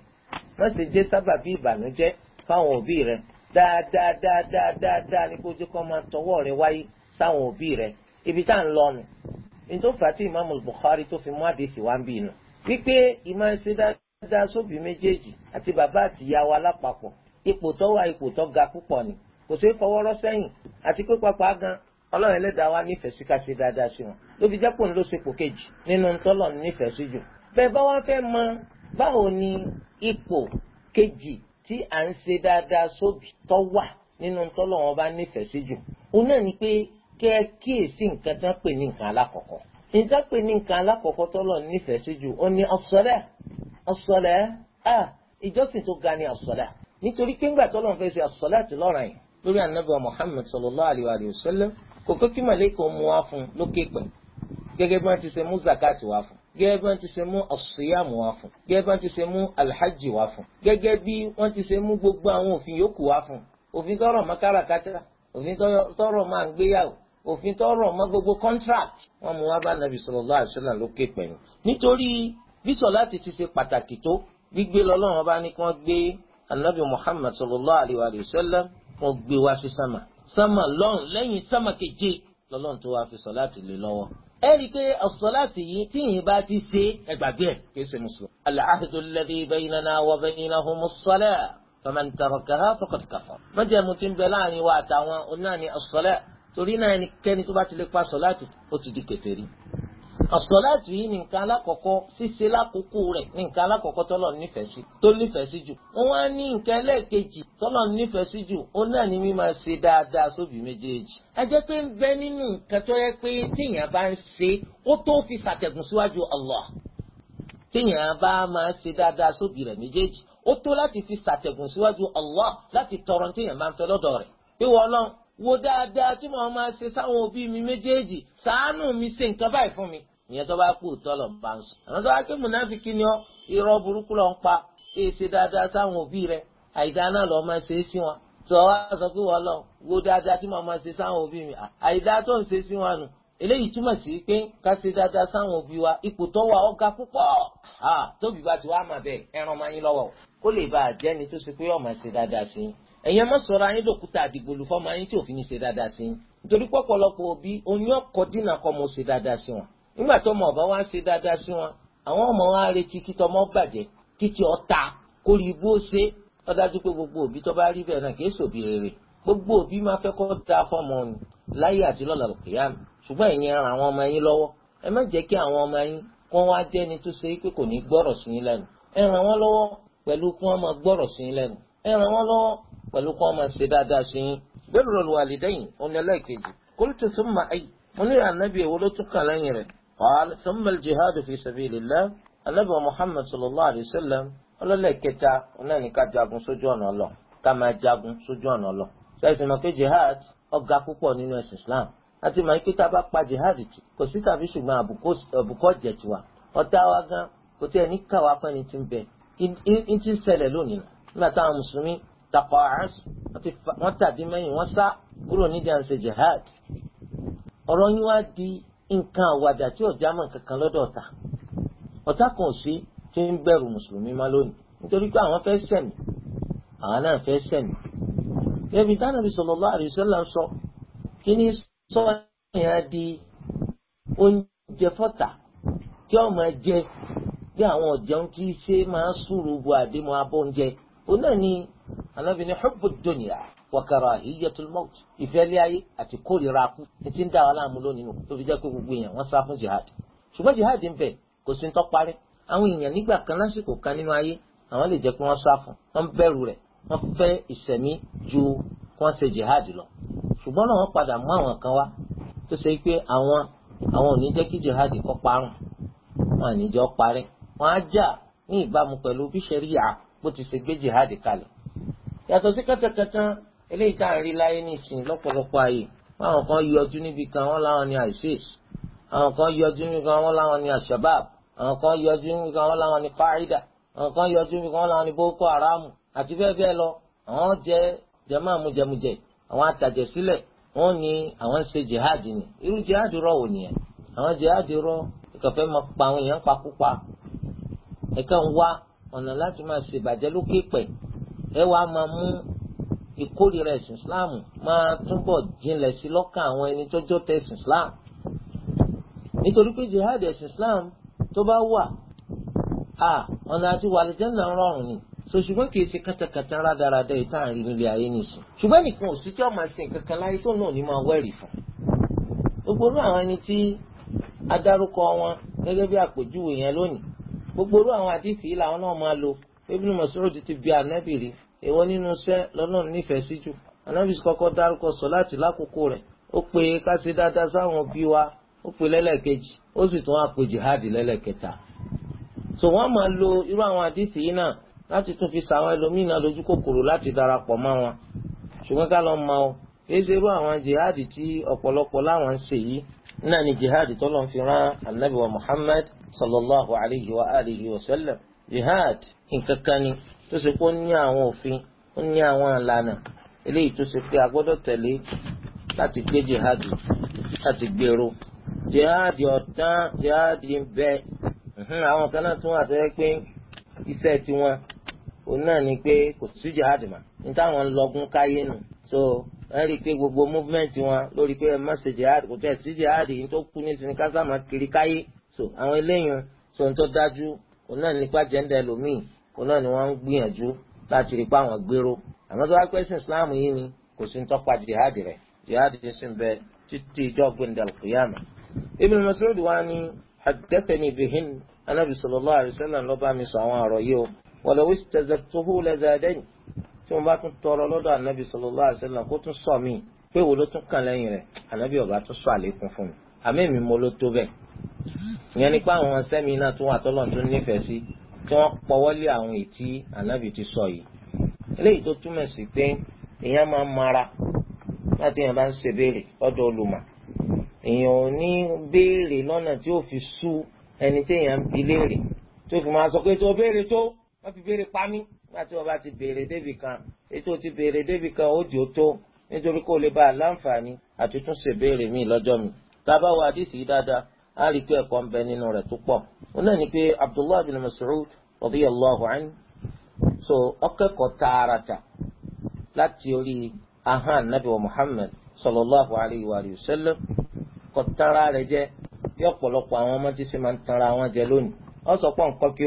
má ṣe jẹ́ sábàbí ìbànújẹ́ fáwọn òbí rẹ̀ dáadáa dáadáa dáadáa ní kójú kan máa tọwọ́ rẹ̀ wáyé sáwọn òbí rẹ̀ ibi tá à ń lọ nù ní tó fà á tí ìmáàmù Bukhari tó fi mú àdéhìí wá ń bì nù wípé ìmọ̀ ṣe dáadáa sóbì méjèèjì àti bàbá àtìyá wa lápapọ̀ ipò tó wà ipò tó ga púpọ̀ ni kò sí fọwọ́rọ́ sẹ́yìn àti pé pàpà gan ọlọ́run ẹlẹ́dàá wa nífẹ̀ẹ́ sí ká ṣe dáadáa sí wọn ló fi jẹ́pọ̀ ní ló ṣe pò kejì nínú tọ́lọ̀ nífẹ̀ẹ́ sí jù. bẹ́ẹ̀ bá wá fẹ́ mọ báwo ni ipò kejì tí à ń ṣe dáadáa sóbì tọ́ wà nínú tọ́lọ̀ wọn bá nífẹ̀ẹ́ sí jù. òun náà ni pé kẹ́ ẹ kíyèsí nǹkan tán pè ní nǹkan alákọ̀ọ́kọ́. nǹkan pè ní nǹkan alákọ̀ọ́kọ́ tọ́lọ̀ nífẹ̀ẹ́ sí jù ó ní as-salah as Muhammad sallallahu alayhi wa kò pé kí màlẹ́kọ̀ mú wá fún un lókè pẹ̀ gẹ́gẹ́ bí wọ́n ti ṣe mú zakat wá fún un gẹ́gẹ́ bí wọ́n ti ṣe mú ọ̀sùnyàmù wá fún un gẹ́gẹ́ bí wọ́n ti ṣe mú alhaji wá fún gẹ́gẹ́ bí wọ́n ti ṣe mú gbogbo àwọn òfin yòókù wá fún òfin tọrọ mọ́ káràkátà òfin tọrọ mọ́ àgbéyàwó òfin tọrọ mọ́ gbogbo contract wọ́n mú wá bá nàbì sallallahu alaihi wasallam lókè pẹ̀lú nítorí bí sọ̀láàtì ti ṣe pàtàkì tó gbígbé lọ́lọ́run bá ní kí wọ́n gbé anabi muhammad sallallahu alaihi wasallam wọ́n gbé wá sí sánmà sánmà lọ́run lẹ́yìn sánmà keje lọ́lọ́run tó wáá fi sọ láti lè lọ́wọ́. ẹ rí i pé as-salati yìí tí yìí bá ti ṣe ẹgbàgbé ẹ̀ kì í ṣe mùsùlùmí. al-ahdu alladhi baynana wa baynahumu as-salah faman tarakaha faqad kafar. mọ́jẹ̀mú ti ń bẹ láàrin wa àtàwọn onáà ní as-salah torí náà ẹnikẹ́ni tó bá ti lè pa sọ láti ti di kèfèrí àsọláàtì yìí ní nǹkan alákọ̀ọ́kọ́ ṣíṣe lákòókò rẹ̀ ní nǹkan alákọ̀ọ́kọ́ tọ́lọ̀ nífẹ̀ẹ́ sí tó nífẹ̀ẹ́ sí jù. wọ́n á ní nǹkan ẹlẹ́ẹ̀kejì tọ́lọ̀ nífẹ̀ẹ́ sí jù ó náà ní mímọ̀ ṣe dáadáa sóbì méjèèjì. a jẹ́ pé ń bẹ nínú nǹkan tó yẹ pé tíyàn bá ń ṣe ó tó fi ṣàtẹ̀gùn síwájú Allah tíyàn bá máa ṣe dáadáa sóbì rẹ̀ méjèèjì ó tó láti fi ṣàtẹ̀gùn síwájú Allah láti tọrọ tíyàn máa ń fẹ́ lọ́dọ̀ rẹ̀ pé wọ́n ọlọ́run wo dáadáa tí màá máa ṣe sáwọn òbí mi méjèèjì ṣàánú mi ṣe nǹkan báyìí fún mi. ìyẹn tó bá kú òótọ́ lọ bá ń sùn. àwọn tó bá ké mùnáfíkì ni ọ irọ́ burúkú lọ ń pa ṣe ṣe dáadáa sáwọn òbí rẹ àìdá náà lọ máa ṣe é sí wọn. sọ wá sọ pé wọ́n lọ wo dáadáa tí màá máa ṣe sáwọn òbí mi àìdá tó ń ṣe sí wọn nù. eléyìí túmọ̀ sí pé ká ṣe dáadáa sáwọn òbí wa ipò tó wà ọ̀gá púpọ̀ tóbi bá ti wá mà bẹ́ẹ̀ ẹran máa yín lọ́wọ́ ẹ̀yin ọmọ sọ̀rọ̀ ayé dòkúta àdìgbòlù fọmọ ayé tí òfin ṣe dáadáa sí yín nítorí pọ̀pọ̀lọpọ̀ òbí oyún ọkọ dínà kọ́ mo ṣe dáadáa sí wọn nígbà tó ọmọ ọba wa ṣe dáadáa sí wọn àwọn ọmọ wa retí kí tọmọ bàjẹ́ kí tí ọ ta kó rí bó ṣe ó dájú pé gbogbo òbí tó bá rí bẹ́ẹ̀ náà kì í ṣòbí rere gbogbo òbí máa fẹ́ kó da fọmọ ni láyé àti lọ́la kìyàmù ṣùgbọ́n ìyẹn ran àwọn ọmọ yín lọ́wọ́ ẹ má jẹ́ kí ràn wọ́n lọ́wọ́ pẹ̀lú kọ́ ọmọ ṣe dáadáa sí yín birrul walidayn òní ẹlẹ́ẹ̀kejì qultu thumma ayy mo ní ànábì èwo ló tún kàn lẹ́yìn rẹ̀ qala thumma al-jihadu fi sabilillah ànábì muhammad sallallahu alayhi wa sallam ọlọ́lẹ́kẹta náà ní ká jagun sójú ọ̀nà lọ ká máa jagun sójú ọ̀nà lọ. sẹ́sìn mọ̀ pé jihad ọ̀gá púpọ̀ nínú ẹ̀sìn islam àti mọ̀ pé tá a bá pa jihad tì kò sí tàbí ṣùgbọ́n àbùkọ́ jẹ̀ tiwa ọ̀tá wa gan kò tí ẹni káwa fún ẹni ń bẹ taqa'us wọ́n tàdí mẹ́yìn wọ́n sá kúrò nídìí à ń ṣe jihad ọ̀rọ̀ yín wá di nǹkan àwàdà tí ọ̀já mọ̀ kankan lọ́dọ̀ ọ̀tá ọ̀tá kan sí tí ń bẹ̀rù mùsùlùmí má lónìí nítorí pé àwọn fẹ́ sẹ̀mí àwọn náà fẹ́ sẹ̀mí. ẹbí tánàbí sallallahu alaihi wasallam sọ kí ni sọ́wọ́n yẹn di oúnjẹ fọ́tà tí ọmọ jẹ bí àwọn ọ̀jẹun tí í ṣe máa ń sùúrù bu àdémọ́ abọ́ oúnjẹ òun náà ni anábì ní hubbu dunya wa karahiyatul maut ìfẹ́ lé ayé àti kórìíra kú etí ń dá wa láàmú lónìí nù tó fi jẹ́ pé gbogbo èèyàn wọ́n sá fún jihad ṣùgbọ́n jihad ń bẹ kò sí ń tọ́ parí àwọn èèyàn nígbà kan lásìkò kan nínú ayé àwọn lè jẹ́ pé wọ́n sá fún wọ́n bẹ̀rù rẹ̀ wọ́n fẹ́ ìṣẹ̀mí ju kí wọ́n ṣe jihad lọ ṣùgbọ́n náà wọ́n padà mú àwọn kan wá tó ṣe pé àwọn ò ní jẹ́ kí jihad kó parun wọn à ní jọ parí wọn á jà ní ìbámu pẹ̀lú bí ṣẹ̀ríà bó ti ṣe gbé jihad kalẹ̀ yàtọ̀ sí kẹ́tẹ́kẹ́tẹ́ eléyìí tá à ń rí láyé nìsín lọ́pọ̀lọpọ̀ ayé àwọn kan yọjú níbi kan wọ́n láwọn ni isis àwọn kan yọjú níbi kan wọ́n láwọn ni ashabab àwọn kan yọjú níbi kan wọ́n láwọn ni qaida àwọn kan yọjú níbi kan wọ́n láwọn ni boko haram àti bẹ́ẹ̀ bẹ́ẹ̀ lọ àwọn jẹ jẹmáàmù jẹmujẹ àwọn àtàjẹ sílẹ̀ wọ́n ní àwọn ń ṣe jihad ni irú jihad rọ wò nìyẹn àwọn jihad rọ ìkàfẹ́ máa pa àwọn èèyàn pakúpa ẹ̀ka ń wá ọ̀nà láti máa ṣèbàjẹ́ lókè pẹ̀ ẹ wá máa mú ìkórìíra ẹ̀sìn islam máa túbọ̀ jinlẹ̀ sí lọ́kàn àwọn ẹni tọ́jọ́ tẹ ẹ̀sìn islam nítorí pé jihad ẹ̀sìn islam tó bá wà a ọ̀nà àti wàlìjẹ́nà rọrùn ni so ṣùgbọ́n kì í ṣe kátàkátà rádaràda yìí tá à ń rí nílé ayé nìsín ṣùgbọ́n nìkan ò sí tí ọmọ ẹ̀sìn kankan láyé tó náà ní máa wẹ̀rì fún gbogbo orú àwọn ẹni tí adarúkọ wọn gẹ́gẹ́ bí àpèjúwe yẹn lónìí gbogbo orú àwọn àdìsí làwọn náà máa lò Ibn Mas'ud ti bi ànábì rí èwo nínú iṣẹ́ lọ́lọ́run nífẹ̀ẹ́ sí jù ànábì kọ́kọ́ dárúkọ sọ̀láàtì lákòókò rẹ̀ ó pe ká dáadáa sáwọn òbí wa ó pe lẹ́lẹ́kejì ó sì tún á jihad lẹ́lẹ́kẹta. so wọ́n máa lo irú àwọn àdìsí yìí náà láti tún fi sàwọn ẹlòmíín náà lójú kòkòrò láti darapọ̀ mọ́ wọn ṣùgbọ́n ká lọ́ọ́ ma o kì irú àwọn jihad tí ọ̀pọ̀lọpọ̀ láwọn ń ṣe yìí náà ni jihad tó lọ́n fi rán anabi wa Muhammad sallallahu alayhi wa alihi wa sallam jihad nǹkan kan ni tó ṣe pé ó ní àwọn òfin ó ní àwọn ìlànà eléyìí tó ṣe pé a gbọ́dọ̀ tẹ̀lé láti gbé jihadi láti gbèrò jihadi ọ̀tán jihadi bẹ́ẹ̀ àwọn kan náà tún wà tó yẹ pé iṣẹ́ tiwọn òun náà ni pé kò sí jihadi mà ní táwọn ń lọgun káyé nù so wọ́n rí i pé gbogbo movement wọn lórí pé ẹ má ṣe jihadi kò tẹ̀ sí jihadi yìí tó kú ní sinmi ká sáà kiri káyé so àwọn eléyìí so ń tó dájú òun náà nípa jẹ́ńdà ẹlòmíì òun náà ni wọ́n ń gbìyànjú láti rí pa àwọn gbèrò àmọ́ tó wá pẹ́ sí islam yìí ni kò sí ń tọ́pa jihad rẹ̀ jihad yìí sì ń títí ìjọ gbẹ̀ndà kìyàmà. ibn Mas'ud wa ni anabi sallallahu alayhi wa sallam ló bá mi sọ àwọn ọ̀rọ̀ yìí o wala wistazadtuhu lazadani tí mo bá tún tọrọ lọ́dọ̀ anabi sallallahu alayhi kó tún sọ tí wọ́n pọ̀wọ́lé àwọn ètí ànábì ti sọ yìí eléyìí tó túmọ̀ sí pé èèyàn máa mara láti èèyàn bá ń ṣe béèrè lọ́dọ̀ olùmọ̀ èèyàn ò ní béèrè lọ́nà tí ó fi sú ẹni tí èèyàn ń bi léèrè tó fi máa sọ pé tó béèrè tó wọ́n fi béèrè pa láti wọ́n ti béèrè débì kan ètò ti béèrè débì kan ó dì ó tó nítorí kó lè bá a láǹfààní àti béèrè míì lọ́jọ́ mi tá a bá wo àdìsí dáadáa a rí i pé ẹ̀kọ́ ń bẹ nínú rẹ̀ tó pọ̀ òun náà ni pé abdullahi bin mas'ud radiyallahu anhu so ọkẹ́kọ̀ọ́ tààràtà láti orí ahan nabi wa muhammad sallallahu alayhi wa sallam kọ́ tara rẹ̀ jẹ́ bí ọ̀pọ̀lọpọ̀ àwọn ọmọ tí ṣe máa ń tanra wọn jẹ lónìí wọ́n sọ pé nǹkan kí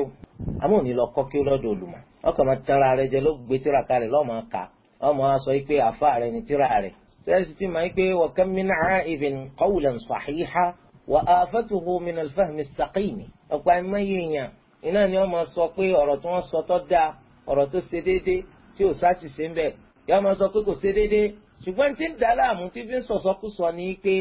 àmọ́ òní lọ kọ́ lọ́dọ̀ olùmọ̀ ọkọ̀ máa tanra rẹ̀ jẹ ló gbé tíra kalẹ̀ lọ́mọ ká ọmọ wa sọ pé àfa rẹ̀ ni tíra rẹ̀ sẹ́yìn sì ti máa ń pé wa kam min 'a'ibin qawlan sahiha wà á fẹ́tùhù min alfahmi sàkíìmì ọ̀pọ̀ àìmọye èèyàn iná ni wọ́n máa sọ pé ọ̀rọ̀ tí wọ́n sọ tó dáa ọ̀rọ̀ tó ṣe déédéé tí ò sáṣìṣe ń bẹ̀ yọ́n máa sọ pé kò ṣe déédéé ṣùgbọ́n tí ń dá láàmú tí fi ń sọ̀sọ́kùsọ ni pé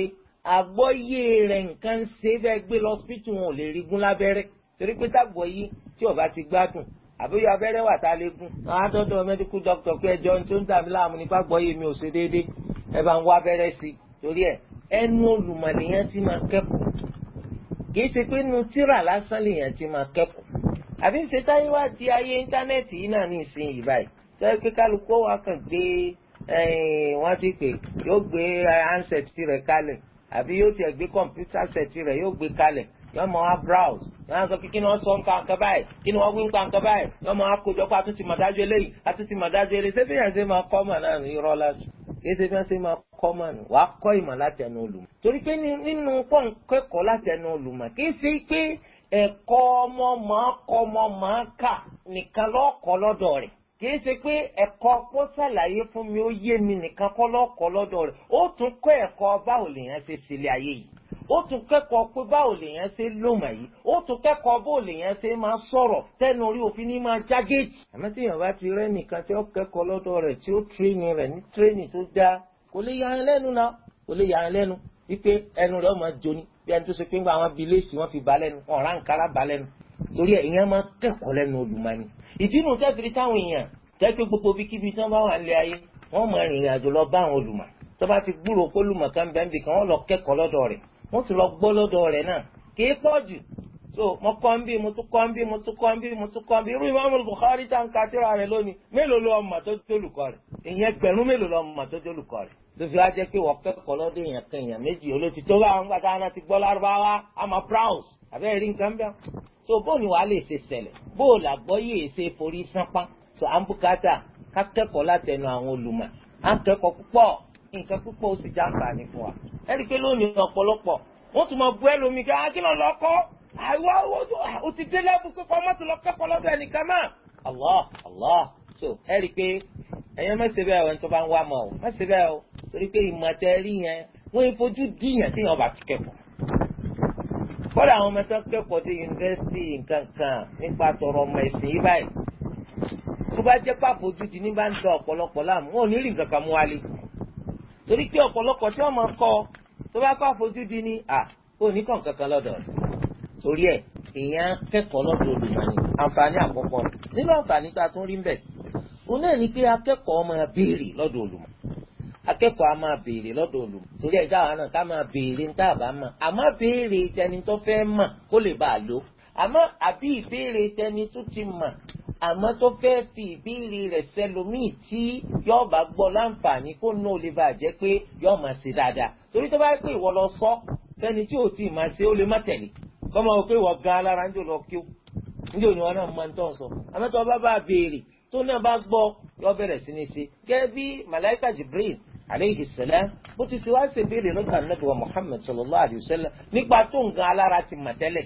àgbọ́yé rẹ̀ nǹkan ṣe bẹ́ẹ̀ gbé lọ sípítù wọn ò lè rí lábẹ́rẹ́ torí pé tàgbọ̀ yìí tí ò bá ti gbádùn àbúyọ abẹ́rẹ́ wà tá a lè gún. àádọ́dọ̀ mẹ́díkù dọ́kítọ̀ pé ẹjọ́ ní tó ń dà láàmú nípa àgbọ́yé mi ò ṣe déédéé ẹ bá ń wá abẹ́rẹ́ sí i torí ẹ̀ ẹnu olùmọ̀ lèèyàn ti máa kẹ́kọ̀ọ́ kìí ṣe pé nu tíra lásán lèèyàn ti máa kẹ́kọ̀ọ́ àbí ń wa kàn gbé wọ́n ti pè yóò gbé handset rẹ̀ kalẹ̀ àbí yóò tiẹ̀ kan báyìí kí ni wọ́n nǹkan báyìí pé a tún ti mọ̀ dájú eléyìí a tún ti mọ̀ dájú eléyìí ṣé fi hàn èsì bí wọ́n ṣe máa kọ́ mọ̀ nù wàá kọ́ ìmọ̀ láti ẹnu olùmọ̀ torí pé nínú pọ́ǹkẹ́kọ̀ọ́ láti ẹnu olùmọ̀ kì í ṣe pé ẹ̀kọ́ ọmọ máa kọ́ ọmọ máa kà nìkan lọ́ọ̀kọ́ lọ́dọ̀ rẹ̀ kì í ṣe pé ẹ̀kọ́ kó ṣàlàyé fún mi ó yé mi nìkan kọ́ lọ́ọ̀kọ́ lọ́dọ̀ rẹ̀ ó tún kọ́ ẹ̀kọ́ báwo lèèyàn ṣe ṣe ayé yìí ó tún kẹ́kọ̀ọ́ pé báwo lèèyàn ṣe lòmọ̀ yìí ó tún kẹ́kọ̀ọ́ bó lèèyàn ṣe máa sọ̀rọ̀ tẹnu orí òfin ní máa jágéèjì. àmọ́ tí èèyàn bá ti rẹ́ nìkan tí ó kẹ́kọ̀ọ́ lọ́dọ̀ rẹ̀ tí ó tírénì rẹ̀ ní tírénì tó dáa kò lè yà án lẹ́nu náà kò lè yà án lẹ́nu wípé ẹnu rẹ̀ ó máa jóni bí ẹni tó ṣe pé àwọn abiléèsì wọn fi bá lẹ́nu ọ̀rá nkárá bá lẹ́nu torí ẹ̀ máa kẹ́kọ̀ọ́ lẹ́nu olùmọ̀ wọ́n sì lọ gbọ́ lọ́dọ̀ rẹ̀ náà kì í pọ̀ jù so mo kọ́ ń bí mo tún kọ́ ń bí mo tún kọ́ ń bí mo tún kọ́ ń bí irú ìmáàmù Bukhari tá n ka tíra rẹ̀ lónìí mélòó lọ ọmọ tó tó olùkọ́ rẹ̀ èèyàn ẹgbẹ̀rún mélòó lọ ọmọ tó tó olùkọ́ rẹ̀ tó fi pé wọ́n kẹ́kọ̀ọ́ lọ́dọ̀ èèyàn kan èèyàn méjì olóòtú tó bá ń gbàtà náà ti gbọ́ lárúbáwá àmọ́ browse àbẹ́rẹ́ rí nǹkan bẹ́ẹ̀ so bóun ni wàá lè ṣe ṣẹlẹ̀ bóun làgbọ́ ṣe forí sánpá so àǹbùkátà ká kẹ́kọ̀ọ́ látẹnu àwọn olùmọ̀ à ń kẹ́kọ̀ọ́ púpọ̀ nǹkan púpọ̀ ó sì já àǹfààní fún wa. ẹ rí i pé lónìí ọ̀pọ̀lọpọ̀ wọ́n tún máa bu ẹlòmíì ah, kí á kí lọ lọ kọ́ àwa ó ah, ti dé lẹ́bù pípọ̀ mọ́tò lọ kẹ́kọ̀ọ́ lọ́dọ̀ ẹnìkan náà. Allah Allah so ẹ rí i pé ẹ̀yàn má ṣe bẹ́ẹ̀ o ẹni tó bá ń wá mọ̀ o má ṣe bẹ́ẹ̀ o torí pé ìmọ̀ tẹ rí yẹn wọ́n yẹn fojú díyàn tí yẹn bá ti kẹ́kọ̀ọ́. kọ́dà àwọn ọmọ tó kẹ́kọ̀ọ́ dé yunifásitì nǹkan kan nípa tọrọ ọmọ ẹ̀sìn yìí báyìí tó bá jẹ́ pàfojú di ní bá ń tọ ọ̀pọ̀lọpọ̀ láàmú wọn ò ní rí nǹkan kan mú wálé torí pé ọ̀pọ̀lọpọ̀ tí wọ́n máa kọ tó bá kọ́ àfojúdi ni à ó ní kàn kankan lọ́dọ̀ rẹ̀ torí ẹ̀ èèyàn kẹ́kọ̀ọ́ lọ́dọ̀ olùmọ̀ọ́ni àǹfààní àkọ́kọ́ nínú àǹfààní tá a tún rí ń bẹ̀ òun náà ni pé akẹ́kọ̀ọ́ máa béèrè lọ́dọ̀ olùmọ̀ akẹ́kọ̀ọ́ a máa béèrè lọ́dọ̀ olùmọ̀ torí ẹ̀ dáhùn náà ká máa béèrè ń tàbá mọ̀ àmọ́ béèrè ìtẹnitọ́ fẹ́ mọ̀ kó lè bàa lò ó àmọ́ àbí ìbéèrè tẹni tó ti mọ̀ àmọ́ tó fẹ́ fi ìbéèrè rẹ̀ sẹlòmíì tí yóò bá gbọ́ láǹfààní kó ná lè bàa jẹ́ pé yóò máa ṣe dáadáa torí tó bá pè lọ sọ fẹ́ni tí ò tí ì máa ṣe ó lè má tẹ̀lé pé alára ń jò lọ kí ó ń jò ní wọn náà máa ń tọ̀ sọ àmọ́ tó bá bá Muhammad nípa tó ń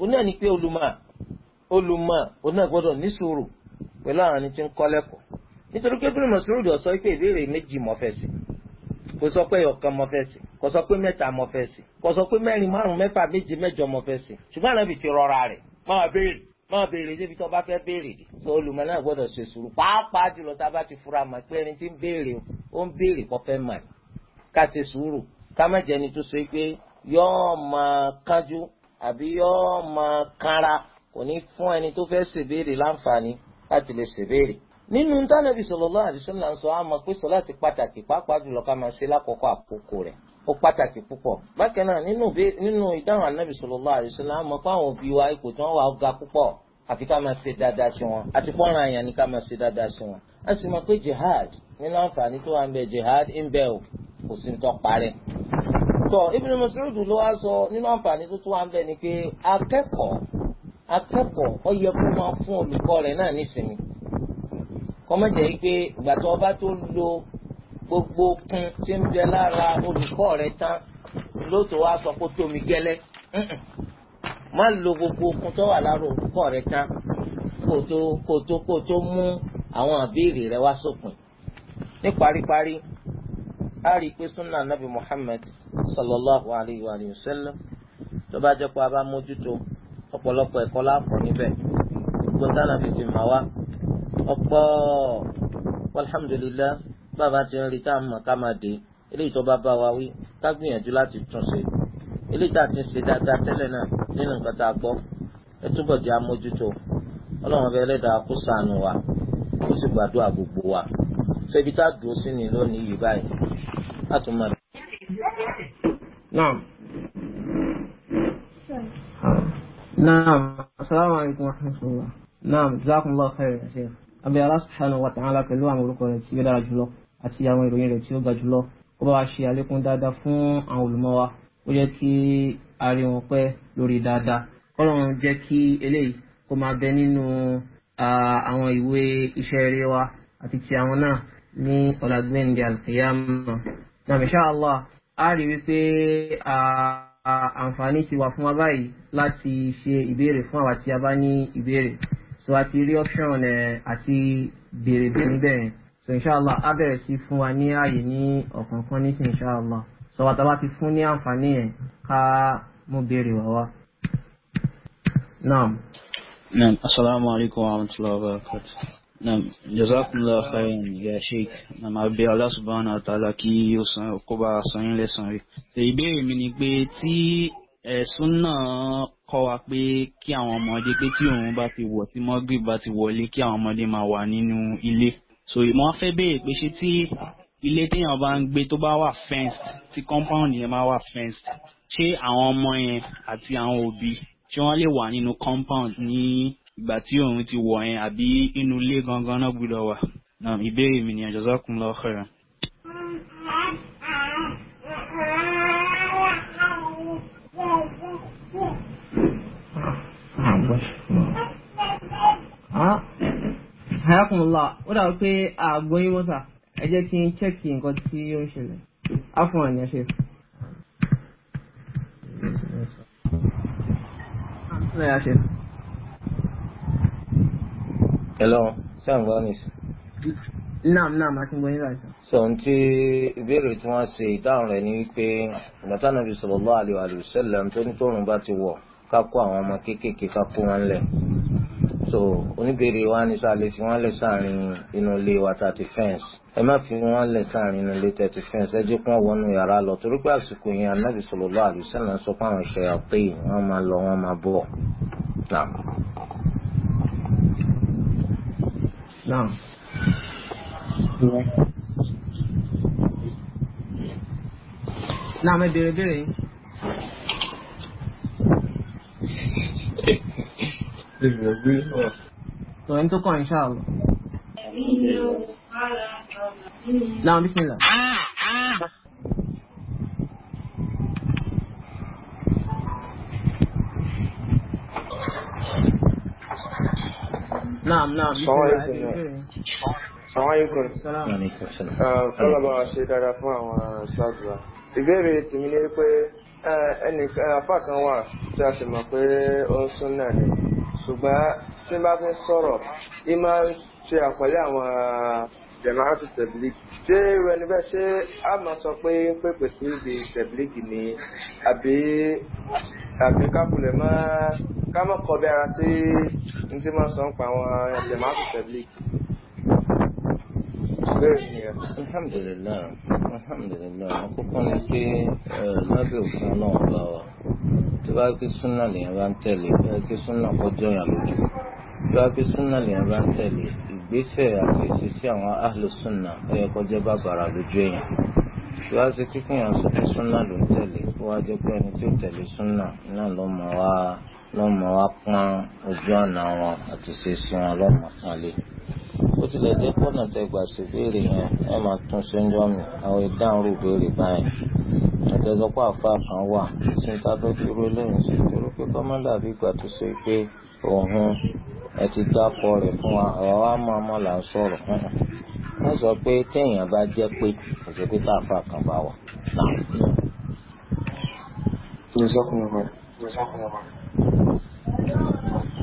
òun náà ni pé olùmọ̀ olùmọ̀ òun náà gbọ́dọ̀ ní sùúrù pẹ̀lú àwọn ẹni tí ń kọ́ lẹ́kọ̀ọ́ nítorí pé bílùmọ̀ sùúrù sọ pé ìbéèrè méjì mo fẹ́ sí kò sọ pé ọ̀kan mo fẹ́ sí kò sọ pé mẹ́ta mo fẹ́ sí kò sọ pé mẹ́rin márùn mẹ́fà méje mẹ́jọ mo fẹ́ sí ṣùgbọ́n àná bìí ti rọra rẹ̀ máa béèrè máa béèrè débi tó bá fẹ́ béèrè dé tó olùmọ̀ náà gbọ́dọ̀ ṣe sùúrù pàápàá jùlọ tá a bá ti fura mà pé ẹni tí ń béèrè ó ń béèrè kò fẹ́ mà ká ṣe sùúrù ká má jẹni tó ṣe pé yọ́ọ́ máa kánjú àbí yóò máa kára kò ní fún ẹni tó fẹ́ ṣèbéèrè láǹfààní láti lè ṣèbéèrè. nínú tánàbí sallallahu alaihi wasallam sọ àmọ́ pé sọláàtì pàtàkì pàápàá jùlọ ká máa ṣe lákòókò àkókò rẹ̀ ó pàtàkì púpọ̀. bákan náà nínú ìdáhùn anábì sallallahu alaihi wasallam àmọ́ pé àwọn òbí wa ipò tí wọ́n wà ga púpọ̀ àfi ká máa ṣe dáadáa sí wọn àti pọ́nrán àyàn ni ká máa ṣe dáadáa sí wọn. a sì mọ̀ pé jihad nínú àǹfààní tó wà ń bẹ jihad ń bẹ ò kò sí ń tọ́ parẹ́ tọ Ibn Mas'ud ló wá sọ nínú àǹfààní tó tún wá ń bẹ ni pé akẹ́kọ̀ọ́ akẹ́kọ̀ọ́ ó yẹ kó máa fún olùkọ́ rẹ̀ náà nísìnyí kọ́mọ̀jẹ́ yìí pé ìgbà tó ọba tó lo gbogbo okun tí ń bẹ lára olùkọ́ rẹ̀ tán ló tó wá sọ kó tómi gẹ́lẹ́ má lo gbogbo okun tó wà lára olùkọ́ rẹ̀ tán kó tó kó tó kó tó mú àwọn àbíìrì rẹ̀ wá sópin ní paríparí a rí i pé sunna nabi Muhammad sallallahu alayhi wa sallam tó bá jẹ́ pé a bá mójútó ọ̀pọ̀lọpọ̀ ẹ̀kọ́ láàpọ̀ níbẹ̀ gbogbo dáná fi fi mà wá ọ̀pọ̀ alhamdulilayi bàbá ti ń rí tá a mọ̀ ká máa dé eléyìí tó bá bá wa wí ká gbìyànjú láti tún ṣe eléyìí tá a ti ń ṣe dáadáa tẹ́lẹ̀ náà nínú nǹkan tá a gbọ́ ẹ túbọ̀ di amójútó ọlọ́run ọba ẹlẹ́dàá kó ṣàánú wa kó sì gbàdúrà gbogbo wa ṣe ibi tá a dùn sí ni
lónìí yìí báyìí láti نعم نعم السلام عليكم ورحمة الله نعم جزاكم الله خير يا شيخ àbí Allah subhanahu wa ta'ala pẹ̀lú àwọn orúkọ rẹ̀ tí ó dára jùlọ àti àwọn ìròyìn rẹ̀ tí ó ga jùlọ ó bá wa ṣe àlékún dáadáa fún àwọn olùmọ̀ wa ó jẹ́ kí a rí wọn pẹ́ lórí dáadáa Ọlọ́run jẹ́ kí eléyìí kó máa bẹ nínú àwọn ìwé iṣẹ́ eré wa àti ti àwọn náà ní ọ̀làgbẹ́ndì alqiyama náà insha Allah a rí wípé àǹfààní ti wà fún wa báyìí láti ṣe ìbéèrè fún àwa tí a bá ní ìbéèrè so a ti rí option àti béèrè bẹ́ẹ̀ níbẹ̀ yẹn so inshallah a bẹ̀rẹ̀ sí fún wa ní ààyè ní ọ̀kọ̀ọ̀kan ní sin inshallah so àwọn àtàwọn ti fún ní àǹfààní yẹn ká mú béèrè wá wá. naam. naam asalaamualeykum wa rahmatulahi wa barakatuh. Nam, jazakumullah khairan ya sheik. Nam abi Allah subhanahu wa ta'ala kí ó san kó bá san yín lẹ́san rí. Ṣé ìbéèrè mi ni pé tí ẹ̀sùn náà kọ́ wa pé kí àwọn ọmọdé pé tí òun bá ti wọ̀ tí mọ́gírì bá ti wọlé kí àwọn ọmọdé máa wà nínú ilé. So ìmọ̀ fẹ́ béèrè pé ṣé tí ilé téèyàn bá ń gbé tó bá wà fenced tí compound yẹn bá wà fenced ṣé àwọn ọmọ yẹn àti àwọn òbí ṣé compound ní ìgbà tí òun ti wọ̀ yẹn àbí inú ilé gangan náà gbúdọ̀ wà náà ìbéèrè mi nìyẹn jazakumullahu khairan. àyàkùnlá ó dàbí pé àgbọ̀ yín wọ́tà ẹ jẹ́ kí n chẹ́kì nǹkan tí ó ń ṣẹlẹ̀ áfọ̀n àyànṣe. Yes, sir.
Hello, ṣé à ń gbọ́ nìsín?
Naam naam, àti gbọ́ yín láìsàn.
Sọ ohun tí ìbéèrè tí wọ́n ṣe ìdáhùn rẹ̀ ni wípé ìgbàtà nàbí sallallahu alaihi wa sallam tó ní tóorùn bá ti wọ̀ ká kó àwọn ọmọ kéékèèké ká kó wọn lẹ̀. So oníbèrè wa ni sọ àlè fi wọ́n lẹ̀ sáàrin inú ilé wa tàti fẹ́ǹsì. Ẹ má fi wọ́n lẹ̀ sáàrin inú ilé tàti fẹ́ǹsì. Ẹ jẹ́ kí wọ́n wọnú yàrá lọ torí pé àsìkò yẹn anábì sallallahu alaihi wa sallam sọ pé
Naam. Naam, ẹ béèrè béèrè yín. Tọ́ ẹni tó kàn insha Allah. Naam, bismillah. Thank à, you. À. Naam, naam. Sàwáyékùn. Uh, kọ́lá bá wa ṣe dára fún àwọn ṣáàtùwà. Ìbéèrè tèmi ni pé ẹnì apá kan wà tí a sì mọ̀ pé ó ń sún náà ni. Ṣùgbọ́n tí n bá fi sọ̀rọ̀, ì máa ń ṣe àpẹẹrẹ àwọn jẹ̀máàtì tẹ̀blíkì. Ṣé irú ẹni bẹ́ẹ̀ ṣé a máa sọ pé ń pèpè sí ibi tẹ̀blíkì ni àbí àbí kápùlẹ̀ máa ká mọ̀ kọ̀bẹ̀ ara sí ní tí máa sọ ń pa àwọn ẹ̀sẹ̀ máa fi tẹ̀lé.
alhamdulilayi alhamdulilayi àkọ́kọ́ ni pé lábẹ́ òfin náà bá wa tó bá pé súnà lèèyàn bá ń tẹ̀lé tó bá pé súnà kọjọ́ yàn lójú tó bá pé súnà lèèyàn bá ń tẹ̀lé ìgbésẹ̀ àfẹsẹ̀ sí àwọn ahlu súnà ó yẹ kọjá bàbàrà lójú èèyàn wá sí kíkún yàn sọ súnà ló ń tẹ̀lé ó jẹ́ pé ẹni tí ó tẹ̀lé súnà náà ló mọ̀ wá lọ́mọ wa pọ́n ojú ọ̀nà wọn àti ṣèṣì wọn lọ́mọ sanlé ó tilẹ̀ jẹ́ pọ́nà tẹ gbà sí béèrè yẹn ẹ máa tún ṣe ń jọ́mi àwọn ìdáhùn rò béèrè báyìí àtẹ̀sọ́pọ̀ àfa kan wà tí n ta fẹ́ dúró lẹ́yìn sí torí pé kọ́mọ́dà bí gbà tó ṣe pé òun ẹ ti dákọ rẹ̀ fún wa ọ̀rọ̀ wa mọ́ ọmọ là ń sọ̀rọ̀ wọ́n sọ pé téèyàn bá jẹ́ pé kò sí kan bá wà. Jésù kúnlẹ̀ bọ̀dọ̀. Jésù kúnlẹ̀ bọ̀dọ̀. No.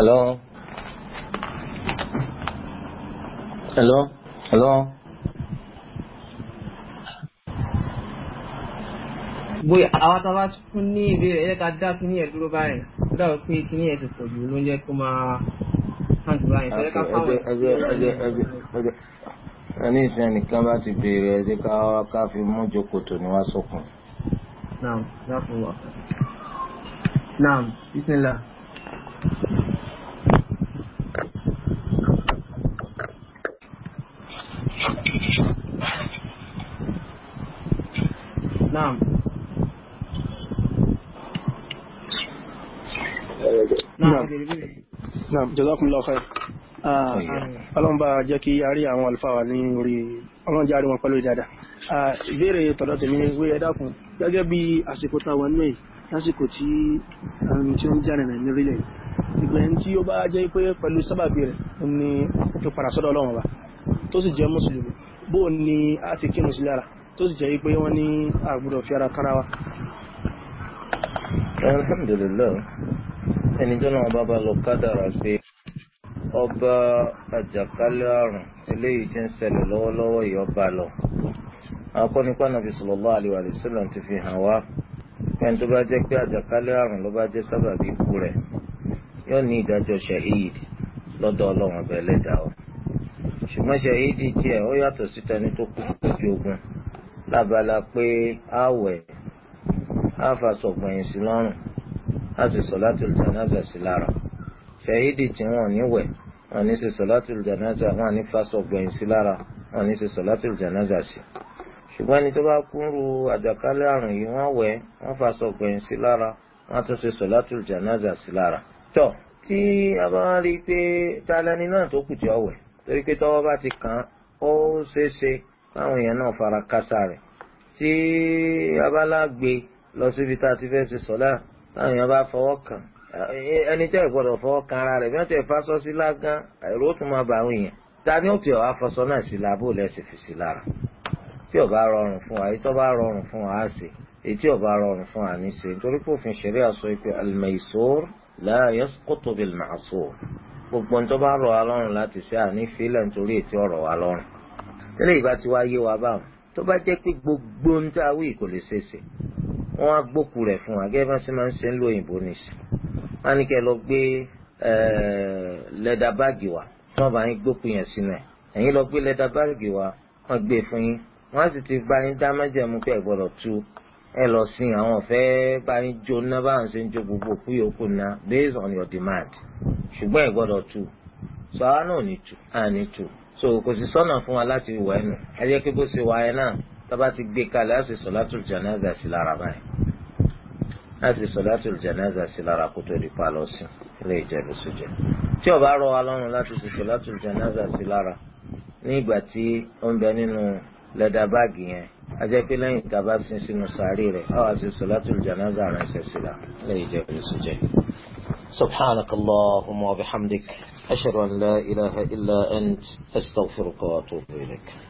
Hello. Hello. Hello.
bóyá àwọn tá a bá tún ní ìbéèrè ẹ̀yẹ́ ká dá kíní ẹ̀ dúró báyìí ó dàbí pé kíní ẹ̀ ti pọ̀ jù ló ń jẹ́ kó máa hàǹtì báyìí fẹ́rẹ́ ká fáwọn ẹ̀.
ẹni ìfẹ́ nìkan bá ti béèrè ẹ̀ ká wá ká fi mú jòkòtò ní wá
naam dákun wà. naam bisimilá. Naam, jazakumullahu khair. Ah, ah, ọlọ́run bá jẹ́ kí a rí àwọn àlùfáà wà ní orí ọlọ́run jẹ́ àríwọn pẹ̀lú ìdáadáa. Ah, ìbéèrè tọ̀dọ̀ tèmi wé ẹ dákun gẹ́gẹ́ bí àsìkò táwọn náà yìí lásìkò tí àrùn tí ó ń jáde ní orílẹ̀ yìí. Ìgbẹ̀yìn tí ó bá jẹ́ pé pẹ̀lú sábàbí rẹ̀ ni ó padà sọ́dọ̀ ọlọ́run wa tó sì jẹ́ mùsùlùmí bó ni a ti kírun sí tó sì jẹ́ pé wọ́n ní àgbùdọ̀ fi ara kára wa. ẹni tó náà bá ba lọ
kádàrà pé ọba àjàkálẹ̀ àrùn eléyìí ti ń ṣẹlẹ̀ lọ́wọ́lọ́wọ́ yìí ọba lọ. àkọ́kọ́ nípa nàbì sallallahu alaihi wasallam ti fi hàn wá ẹni tó bá jẹ́ pé àjàkálẹ̀ àrùn ló bá jẹ́ sábàbí ikú rẹ̀ yóò ní ìdájọ́ shahid lọ́dọ̀ ọlọ́run ọba ẹlẹ́dàá o. ṣùgbọ́n shahid tiẹ̀ ó yàtọ̀ síta ní tó kú ojú ogun lábala pé àwẹ̀ àfàsọ̀gbọ̀nyìn sí lọ́rùn láti solatul janaza sí lára ṣàhídì tí wọn ní wẹ̀ wọn ní ṣe solatul janaza wọn ní fásọ gbẹ̀yìn sí lára wọn ní ṣe solatul janaza sí ṣùgbọ́n ẹni tó bá kúrú àjàkálẹ̀ àrùn yìí wọ́n wẹ̀ wọ́n fásọ sí lára wọ́n tún ṣe solatul janaza sí lára. tọ́ tí a bá rí i pé talẹ́ni náà tó kù tí ọ wẹ̀ torí pé tọ́wọ́ bá ti kàn án ó ṣeéṣe ṣe sọ́lá táwọn èèyàn bá fọwọ́ kàn ẹni tẹ́ ìgbọ́dọ̀ fọwọ́ kan ara rẹ̀ bí wọ́n ti fásọ sí lágán ẹ̀rọ ó tún máa bá àwọn èèyàn ta ni ó ti ọ̀ afọsọ náà sí lábò lẹ́sìn fi sí lára tí ò bá rọrùn fún wa èyí tó bá rọrùn fún wa á ṣe èyí tí ò bá rọrùn fún wa ní ṣe nítorí pé òfin ṣẹ̀rí àṣọ ìpè al-maysur la yasqutu gbogbo ní tó bá rọ̀ wá lọ́rùn láti ṣe àní fílẹ̀ nítorí èyí tí ò rọ̀ wá lọ́rùn tẹ́lẹ̀ ìbá ti wá yé wa báwọn tó bá jẹ́ pé gbogbo ń tá wí kò lè ṣeéṣe wọ́n á gbókù rẹ̀ fún wa gẹ́gẹ́ bá ṣe máa ń ṣe ń lo òyìnbó nìṣẹ́ wọ́n á ní kẹ́ lọ gbé lẹ́dà báàgì wa tí wọ́n bá yín gbókù yẹn sínú ẹ̀ ẹ̀yin lọ gbé lẹ́dà báàgì wa wọ́n gbé e fún yín wọ́n á sì ti bá yín dá májẹ̀mú pé ẹ gbọ́dọ̀ tú ẹ lọ sí àwọn ọ̀fẹ́ bá yín jó ná báwọn ṣe ń jó gbogbo òkú yòókù ná based on your demand ṣùgbọ́n ẹ gbọ́dọ̀ tú sọ àwa náà ò ní tú àní tú so kò sí sọ́nà fún wa láti wọ ẹnu ẹ jẹ́ kí bó ṣe wà ẹ náà tába ti gbé kalẹ̀ á sì solatul janaza sí lára báyìí á sì solatul janaza sí lára kó tó di palọ̀ sí ilé ìjẹ́bù sójà tí ó bá rọ wa lọ́rùn láti sì solatul janaza sí lára ní ìgbà tí ó ń bẹ nínú lẹ́dà báàgì yẹn a jẹ́ pé lẹ́yìn tá a bá sin sínú sàárì rẹ̀ á wà sí solatul janaza rẹ̀ ṣẹ̀ sí la ilé ìjẹ́bù sójà. سبحانك اللهم وبحمدك أشهد أن لا إله إلا أنت أستغفرك وأتوب إليك